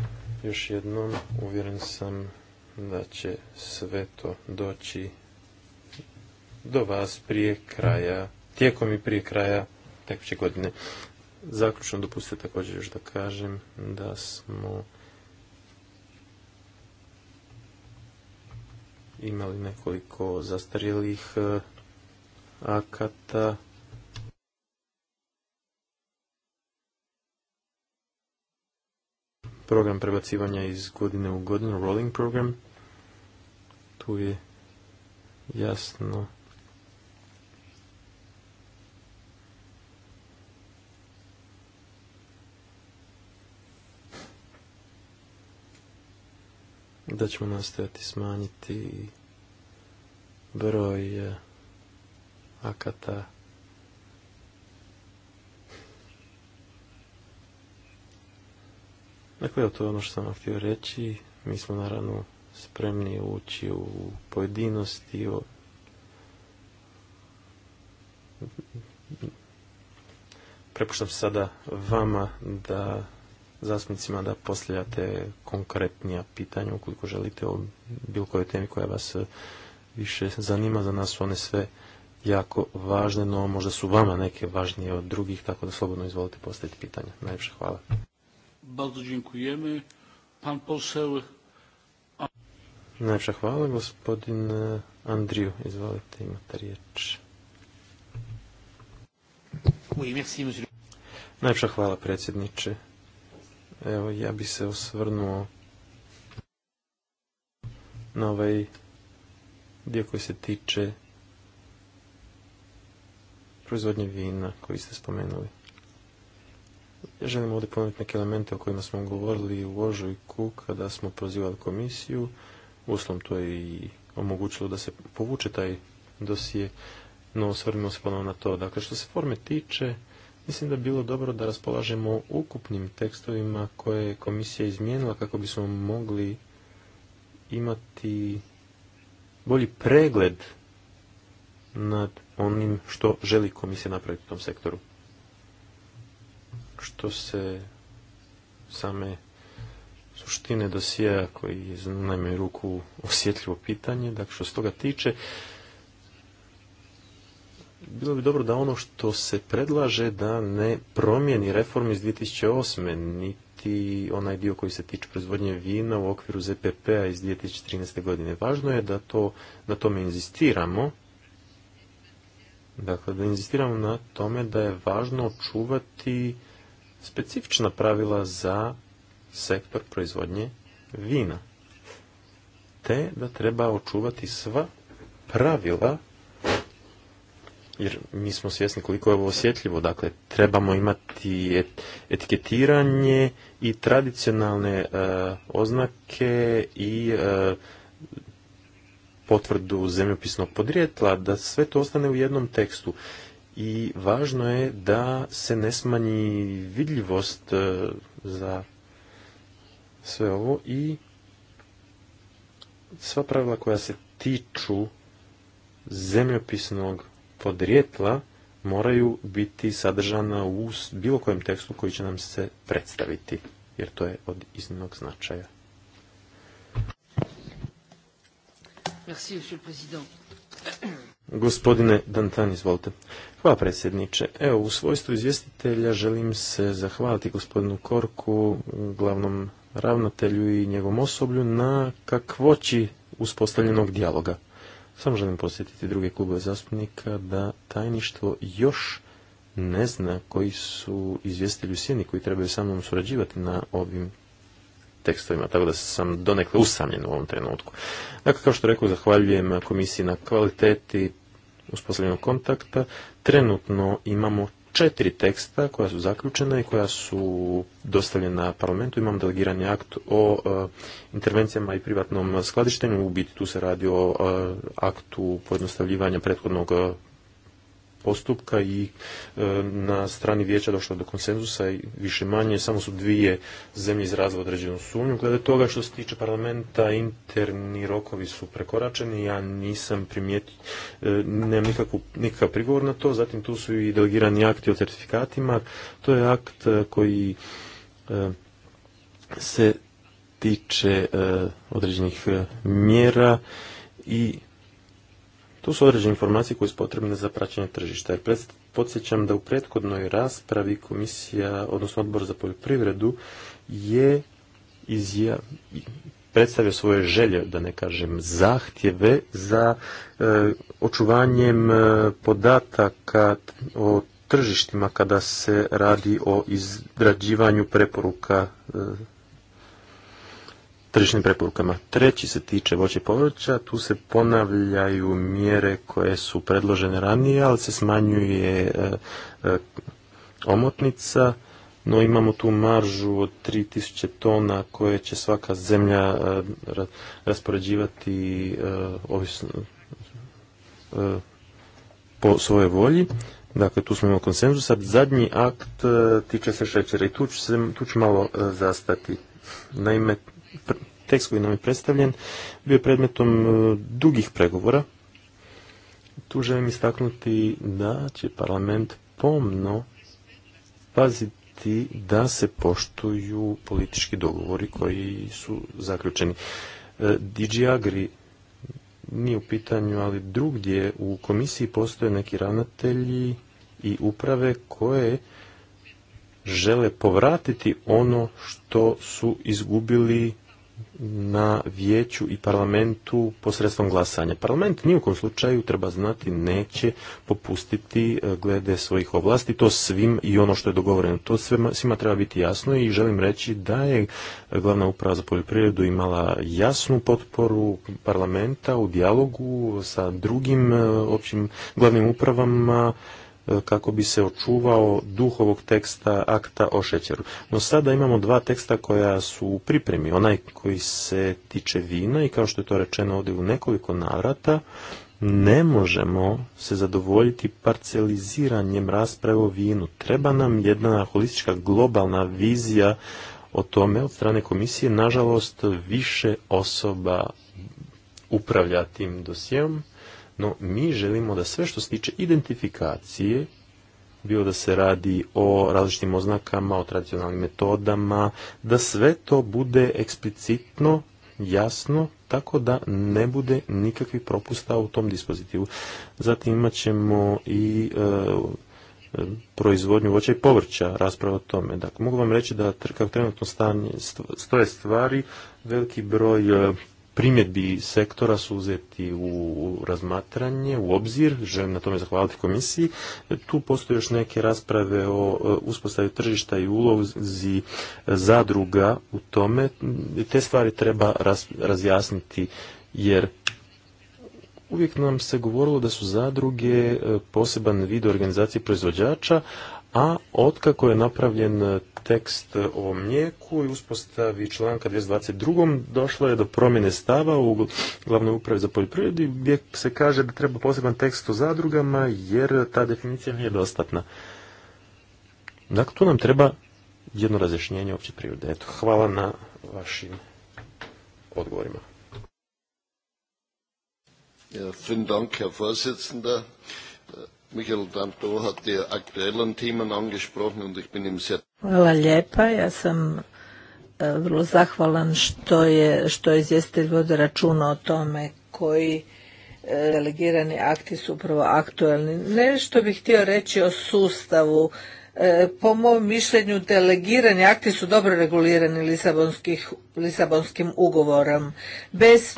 još jednom, uvjeren sam da će sve to doći do vas prije kraja tijekom i prije kraja tekuće godine. Zaključno dopustite također još da kažem da smo imali nekoliko zastarjelih e, akata program prebacivanja iz godine u godinu, rolling program. Tu je jasno da ćemo nastojati smanjiti broj e, akata Dakle, to je ono što sam vam htio reći. Mi smo naravno spremni ući u pojedinosti prepuštam se sada vama da zastupnicima da postavljate konkretnija pitanja ukoliko želite o bilo kojoj temi koja vas e, više zanima. Za nas su one sve jako važne, no možda su vama neke važnije od drugih, tako da slobodno izvolite postaviti pitanja. Najljepše hvala. Bardzo dziękujemy. Pan hvala, gospodin e, Andriju. Izvolite, imate riječ. Najljepša hvala, predsjedniče. Evo, ja bi se osvrnuo na ovaj dio koji se tiče proizvodnje vina koji ste spomenuli. Ja želim ovdje ponoviti neke elemente o kojima smo govorili u ožujku kada smo prozivali komisiju. Uslom to je i omogućilo da se povuče taj dosije, no osvrnimo se ponovno na to. Dakle, što se forme tiče, Mislim da bi bilo dobro da raspolažemo ukupnim tekstovima koje je komisija izmijenila kako bismo mogli imati bolji pregled nad onim što želi komisija napraviti u tom sektoru. Što se same suštine dosija koji je na ruku osjetljivo pitanje, dakle što se toga tiče, bilo bi dobro da ono što se predlaže da ne promijeni reformu iz 2008. niti onaj dio koji se tiče proizvodnje vina u okviru ZPP-a iz 2013. godine. Važno je da to, na tome inzistiramo, dakle da inzistiramo na tome da je važno očuvati specifična pravila za sektor proizvodnje vina, te da treba očuvati sva pravila jer mi smo svjesni koliko je ovo osjetljivo, dakle trebamo imati etiketiranje i tradicionalne e, oznake i e, potvrdu zemljopisnog podrijetla, da sve to ostane u jednom tekstu. I važno je da se ne smanji vidljivost e, za sve ovo i sva pravila koja se tiču zemljopisnog podrijetla moraju biti sadržana u bilo kojem tekstu koji će nam se predstaviti, jer to je od iznimnog značaja. Merci, Gospodine Dantan, izvolite. Hvala predsjedniče. Evo, u svojstvu izvjestitelja želim se zahvaliti gospodinu Korku, glavnom ravnatelju i njegovom osoblju na kakvoći uspostavljenog dijaloga. Samo želim posjetiti druge klube zastupnika da tajništvo još ne zna koji su izvjestitelji u sjeni koji trebaju sa mnom surađivati na ovim tekstovima, tako da sam donekle usamljen u ovom trenutku. Dakle, kao što rekao, zahvaljujem komisiji na kvaliteti uspostavljenog kontakta. Trenutno imamo četiri teksta koja su zaključena i koja su dostavljena parlamentu. Imam delegirani akt o e, intervencijama i privatnom skladištenju. U biti tu se radi o e, aktu pojednostavljivanja prethodnog e, postupka i e, na strani vijeća došlo do konsenzusa i više manje samo su dvije zemlje izrazile određenu sumnju. Glede toga što se tiče parlamenta interni rokovi su prekoračeni, ja nisam primijetio, e, nemam nikakav prigovor na to, zatim tu su i delegirani akti o certifikatima, to je akt e, koji se tiče određenih mjera i tu su određene informacije koje su potrebne za praćenje tržišta. Jer podsjećam da u prethodnoj raspravi komisija, odnosno odbor za poljoprivredu, je predstavio svoje želje, da ne kažem zahtjeve, za e, očuvanjem e, podataka o tržištima kada se radi o izrađivanju preporuka e, tržišnim preporukama. Treći se tiče voće povrća, tu se ponavljaju mjere koje su predložene ranije, ali se smanjuje e, e, omotnica, no imamo tu maržu od 3000 tona koje će svaka zemlja e, raspoređivati ovisno po svojoj volji. Dakle, tu smo imali konsenzus. Zadnji akt tiče se šećera i tu tu ću malo zastati. Naime, tekst koji nam je predstavljen bio predmetom e, dugih pregovora. Tu želim istaknuti da će parlament pomno paziti da se poštuju politički dogovori koji su zaključeni. E, DG Agri nije u pitanju, ali drugdje u komisiji postoje neki ravnatelji i uprave koje žele povratiti ono što su izgubili na vijeću i parlamentu posredstvom glasanja. Parlament ni u kom slučaju treba znati neće popustiti e, glede svojih ovlasti, to svim i ono što je dogovoreno. To svima, svima treba biti jasno i želim reći da je glavna uprava za poljoprivredu imala jasnu potporu parlamenta u dijalogu sa drugim e, općim glavnim upravama kako bi se očuvao duhovog teksta akta o šećeru. No sada imamo dva teksta koja su u pripremi. Onaj koji se tiče vina i kao što je to rečeno ovdje u nekoliko navrata, ne možemo se zadovoljiti parceliziranjem rasprave o vinu. Treba nam jedna holistička globalna vizija o tome od strane komisije. Nažalost, više osoba upravlja tim dosijom no, mi želimo da sve što se tiče identifikacije, bilo da se radi o različitim oznakama, o tradicionalnim metodama, da sve to bude eksplicitno, jasno, tako da ne bude nikakvih propusta u tom dispozitivu. Zatim imat ćemo i e, proizvodnju voća i povrća, rasprava o tome. Dakle, mogu vam reći da kako trenutno stanje, stoje stvari, veliki broj e, primjedbi sektora su uzeti u razmatranje, u obzir, želim na tome zahvaliti komisiji. Tu postoje još neke rasprave o e, uspostavi tržišta i ulozi zadruga u tome. Te stvari treba razjasniti jer uvijek nam se govorilo da su zadruge e, poseban vid organizacije proizvođača, a otkako je napravljen tekst o mlijeku i uspostavi članka 222. došlo je do promjene stava u glavnoj upravi za poljoprivredu gdje se kaže da treba poseban tekst o zadrugama jer ta definicija nije dostatna. Dakle, tu nam treba jedno razjašnjenje opće prirode. Eto, hvala na vašim odgovorima. Ja, Herr Vorsitzender. Michael Danto hat die aktuellen Themen angesprochen und ich bin ihm sehr... Hvala lijepa, ja sam e, vrlo zahvalan što je, što je izvjestitelj vode računa o tome koji e, delegirani akti su upravo aktualni. Nešto bih htio reći o sustavu. E, po mom mišljenju delegirani akti su dobro regulirani Lisabonskim ugovorom. Bez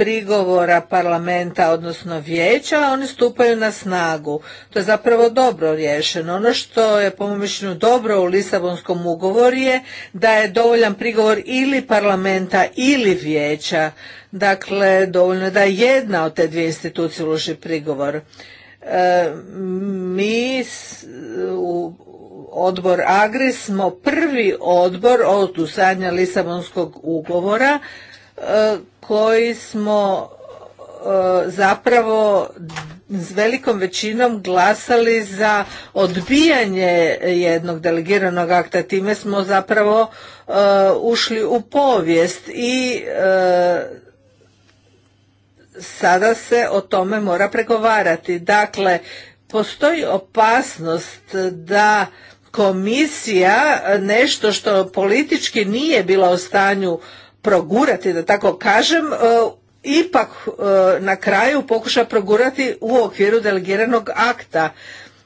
prigovora parlamenta, odnosno vijeća, oni stupaju na snagu. To je zapravo dobro rješeno. Ono što je po mišljenju dobro u Lisabonskom ugovoru je da je dovoljan prigovor ili parlamenta ili vijeća. Dakle, dovoljno je da jedna od te dvije institucije uloži prigovor. E, mi u odbor Agri smo prvi odbor od usadnja Lisabonskog ugovora koji smo e, zapravo s velikom većinom glasali za odbijanje jednog delegiranog akta. Time smo zapravo e, ušli u povijest i e, sada se o tome mora pregovarati. Dakle, postoji opasnost da komisija nešto što politički nije bila u stanju progurati, da tako kažem, e, ipak e, na kraju pokuša progurati u okviru delegiranog akta.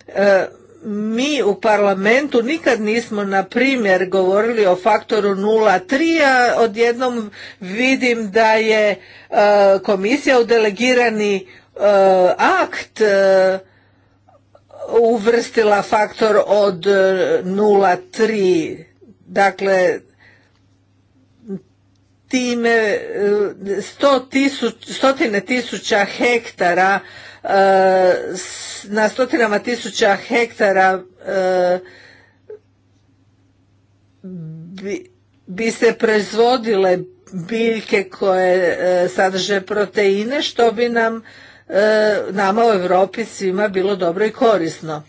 E, mi u parlamentu nikad nismo, na primjer, govorili o faktoru 0,3, a odjednom vidim da je komisija u delegirani akt uvrstila faktor od 0,3. Dakle, time eh, stotine tisuća hektara eh, na stotinama tisuća hektara eh, bi, bi se proizvodile biljke koje sadrže proteine što bi nam nama u Europi svima bilo dobro i korisno.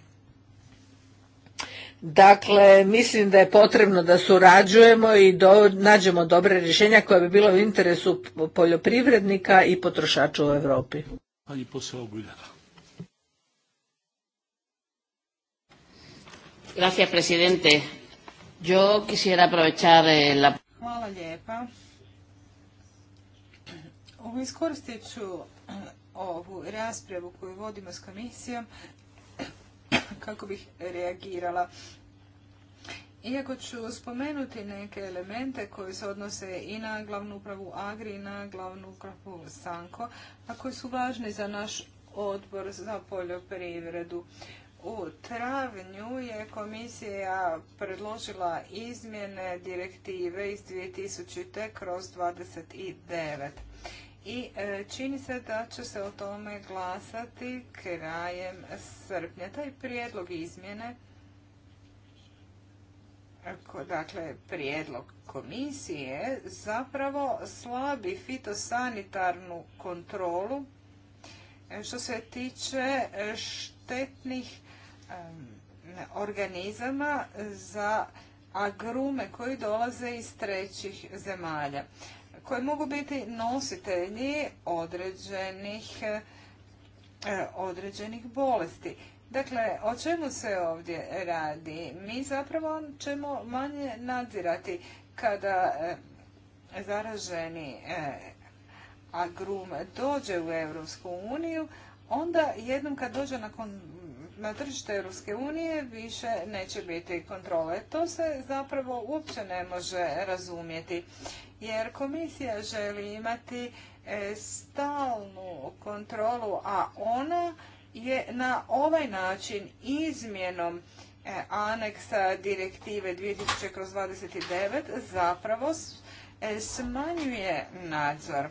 Dakle, mislim da je potrebno da surađujemo i nađemo dobre rješenja koje bi bilo u interesu poljoprivrednika i potrošača u Europi. Gracias, presidente. Yo quisiera aprovechar eh, la... Hvala lijepa. Iskoristit ću eh, ovu raspravu koju vodimo s komisijom kako bih reagirala. Iako ću spomenuti neke elemente koji se odnose i na glavnu upravu Agri i na glavnu upravu Sanko, a koji su važni za naš odbor za poljoprivredu. U travnju je komisija predložila izmjene direktive iz 2000. kroz 29 i e, čini se da će se o tome glasati krajem srpnja. Taj prijedlog izmjene, dakle prijedlog komisije, zapravo slabi fitosanitarnu kontrolu e, što se tiče e, štetnih organizama za agrume koji dolaze iz trećih zemalja koje mogu biti nositelji određenih, e, određenih bolesti. Dakle, o čemu se ovdje radi? Mi zapravo ćemo manje nadzirati kada e, zaraženi e, agrum dođe u EU, uniju, onda jednom kad dođe nakon na tržište Europske unije više neće biti kontrole. To se zapravo uopće ne može razumjeti jer komisija želi imati e, stalnu kontrolu, a ona je na ovaj način izmjenom e, aneksa direktive 2000/29 zapravo e, smanjuje nadzor.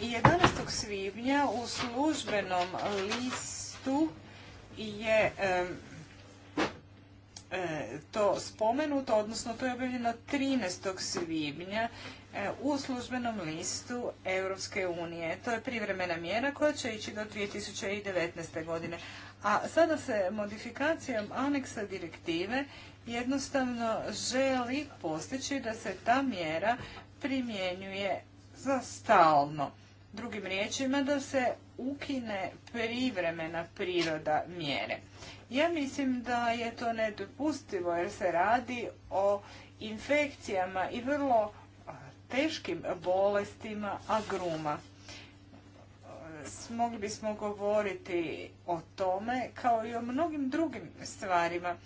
11. svibnja u službenom listu tu je e, to spomenuto, odnosno to je objavljeno 13. svibnja e, u službenom listu Europske unije. To je privremena mjera koja će ići do 2019. godine. A sada se modifikacijom aneksa direktive jednostavno želi postići da se ta mjera primjenjuje za stalno. Drugim riječima da se ukine privremena priroda mjere. Ja mislim da je to nedopustivo jer se radi o infekcijama i vrlo teškim bolestima agruma. E, Mogli bismo govoriti o tome kao i o mnogim drugim stvarima.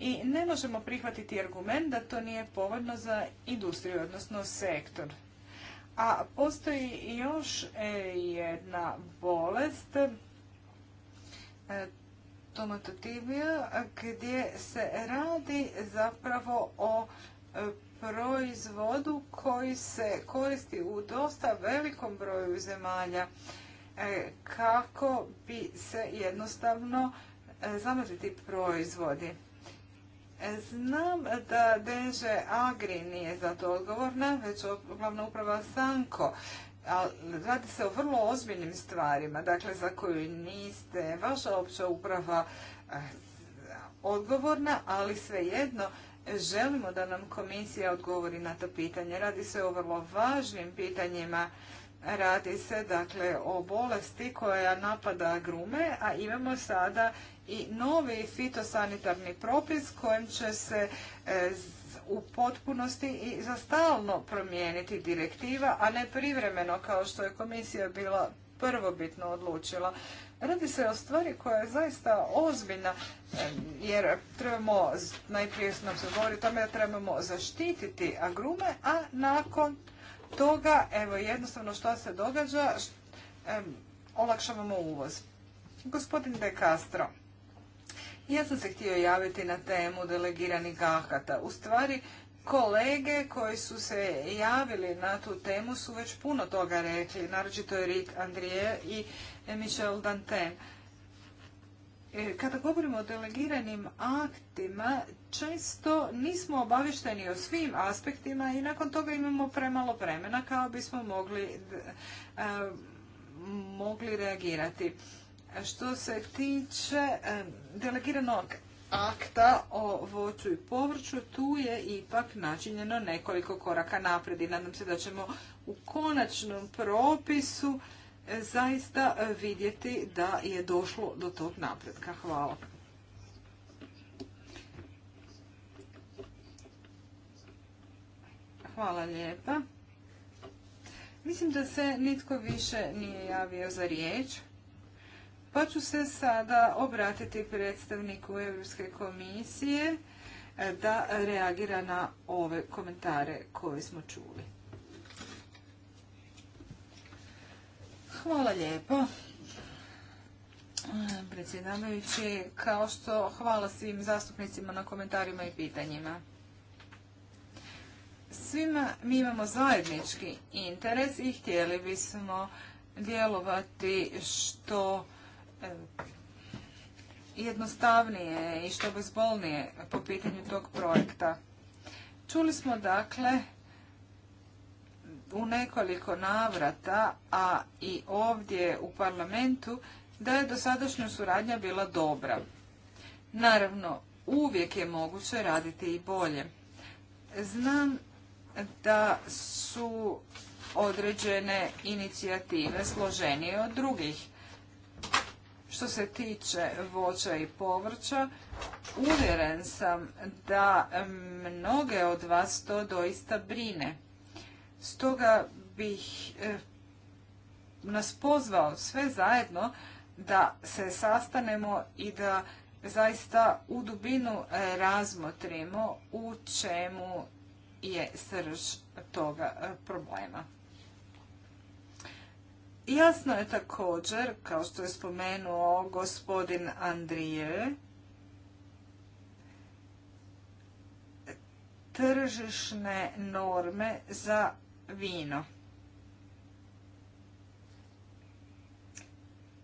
I ne možemo prihvatiti argument da to nije povoljno za industriju, odnosno sektor. A postoji još e, jedna bolest, e, tomatotibija, gdje se radi zapravo o e, proizvodu koji se koristi u dosta velikom broju zemalja kako bi se jednostavno zamrzli proizvodi. Znam da Deže Agri nije za to odgovorna, već glavna uprava Sanko. radi se o vrlo ozbiljnim stvarima, dakle za koju niste vaša opća uprava eh, odgovorna, ali svejedno želimo da nam komisija odgovori na to pitanje. Radi se o vrlo važnim pitanjima. Radi se dakle o bolesti koja napada grume, a imamo sada i novi fitosanitarni propis kojim će se e, u potpunosti i za stalno promijeniti direktiva, a ne privremeno kao što je komisija bila prvobitno odlučila. Radi se o stvari koja je zaista ozbiljna, e, jer trebamo, najprije nam se govori o tome da trebamo zaštititi agrume, a nakon toga, evo jednostavno što se događa, olakšavamo uvoz. Gospodin De Castro. Ja sam se htio javiti na temu delegiranih akata. U stvari, kolege koji su se javili na tu temu su već puno toga rekli, naročito je Rik Andrije i Michel Danten. E, kada govorimo o delegiranim aktima, često nismo obavješteni o svim aspektima i nakon toga imamo premalo vremena kao bismo mogli, mogli reagirati. Što se tiče delegiranog akta o voću i povrću, tu je ipak načinjeno nekoliko koraka naprijed i nadam se da ćemo u konačnom propisu e, zaista e, vidjeti da je došlo do tog napretka. Hvala. Hvala lijepa. Mislim da se nitko više nije javio za riječ. Pa ću se sada obratiti predstavniku Europske komisije e, da reagira na ove komentare koje smo čuli. Hvala lijepo. Predsjedavajući, kao što hvala svim zastupnicima na komentarima i pitanjima. Svima mi imamo zajednički interes i htjeli bismo djelovati što E, jednostavnije i što bezbolnije po pitanju tog projekta. Čuli smo dakle u nekoliko navrata, a i ovdje u parlamentu, da je dosadašnja suradnja bila dobra. Naravno, uvijek je moguće raditi i bolje. Znam da su određene inicijative složenije od drugih. Što se tiče voća i povrća, uvjeren sam da mnoge od vas to doista brine. Stoga bih e, nas pozvao sve zajedno da se sastanemo i da zaista u dubinu razmotrimo u čemu je srž toga e, problema. Jasno je također, kao što je spomenuo gospodin Andrije, tržišne norme za vino.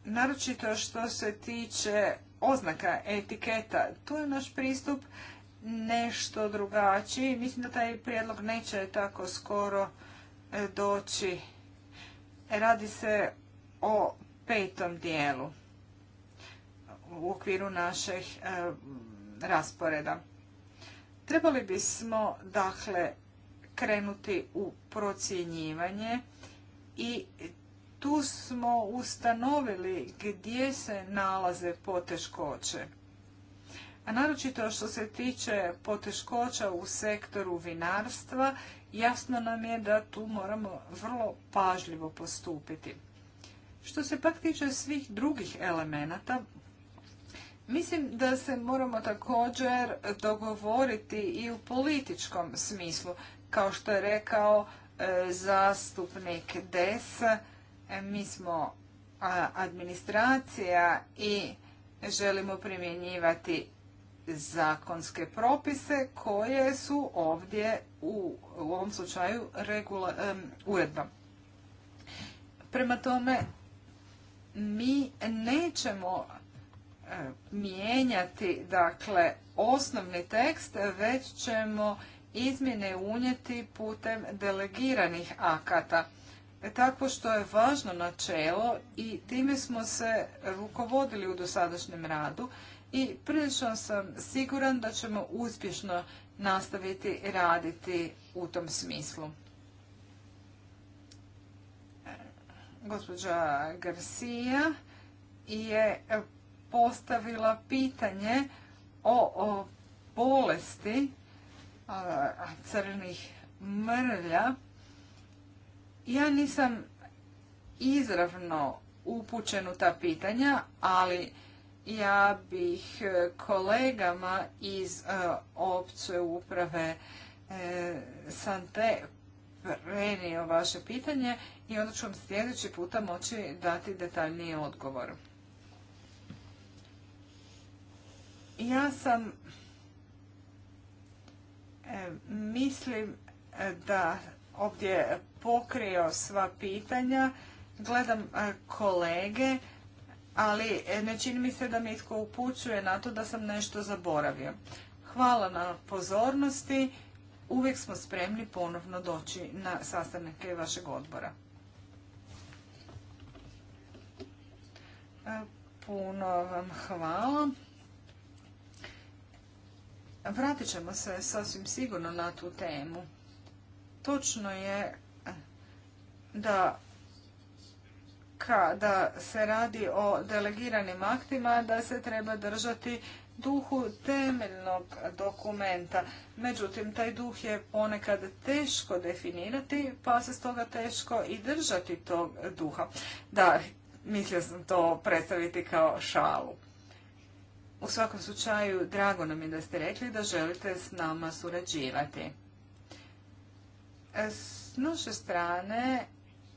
Naročito što se tiče oznaka etiketa, tu je naš pristup nešto drugačiji. Mislim da taj prijedlog neće tako skoro e, doći Radi se o petom dijelu u okviru našeg e, rasporeda. Trebali bismo dakle krenuti u procjenjivanje i tu smo ustanovili gdje se nalaze poteškoće a naročito što se tiče poteškoća u sektoru vinarstva, jasno nam je da tu moramo vrlo pažljivo postupiti. Što se pak tiče svih drugih elemenata, mislim da se moramo također dogovoriti i u političkom smislu. Kao što je rekao e, zastupnik DES, e, mi smo administracija i želimo primjenjivati zakonske propise koje su ovdje u, ovom slučaju regula, uredba. Prema tome, mi nećemo e, mijenjati dakle osnovni tekst, već ćemo izmjene unijeti putem delegiranih akata. E, tako što je važno načelo i time smo se rukovodili u dosadašnjem radu i prilično sam siguran da ćemo uspješno nastaviti raditi u tom smislu. Gospođa Garcia je postavila pitanje o, bolesti crnih mrlja. Ja nisam izravno upućen u ta pitanja, ali ja bih e, kolegama iz e, opće uprave e, Sante prenio vaše pitanje i onda ću vam sljedeći puta moći dati detaljniji odgovor. Ja sam mislim da ovdje pokrio sva pitanja. Gledam kolege ali e, ne čini mi se da mi itko upućuje na to da sam nešto zaboravio. Hvala na pozornosti. Uvijek smo spremni ponovno doći na sastanke vašeg odbora. E, puno vam hvala. Vratit ćemo se sasvim sigurno na tu temu. Točno je da kada se radi o delegiranim aktima da se treba držati duhu temeljnog dokumenta. Međutim, taj duh je ponekad teško definirati, pa se stoga teško i držati tog duha. Da, mislio sam to predstaviti kao šalu. U svakom slučaju, drago nam je da ste rekli da želite s nama surađivati. E, s naše strane,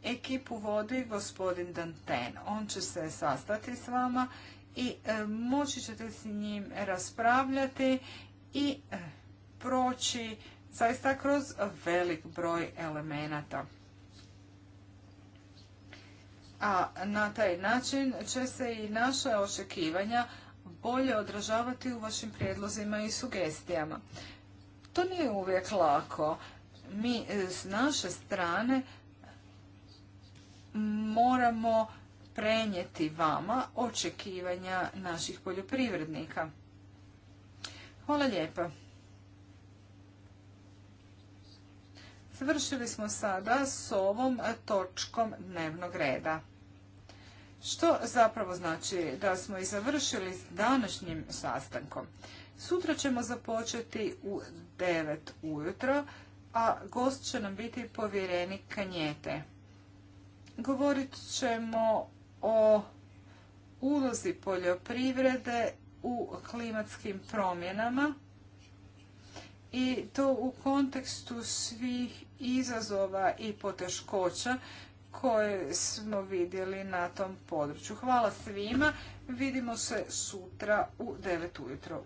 Ekipu vodi gospodin Danten. On će se sastati s vama i e, moći ćete s njim raspravljati i e, proći zaista kroz velik broj elemenata. A na taj način će se i naše očekivanja bolje odražavati u vašim prijedlozima i sugestijama. To nije uvijek lako. Mi e, s naše strane moramo prenijeti vama očekivanja naših poljoprivrednika. Hvala lijepa. Završili smo sada s ovom točkom dnevnog reda. Što zapravo znači da smo i završili s današnjim sastankom. Sutra ćemo započeti u 9 ujutro, a gost će nam biti povjerenik Kanjete. Govorit ćemo o ulozi poljoprivrede u klimatskim promjenama i to u kontekstu svih izazova i poteškoća koje smo vidjeli na tom području. Hvala svima. Vidimo se sutra u 9 ujutro.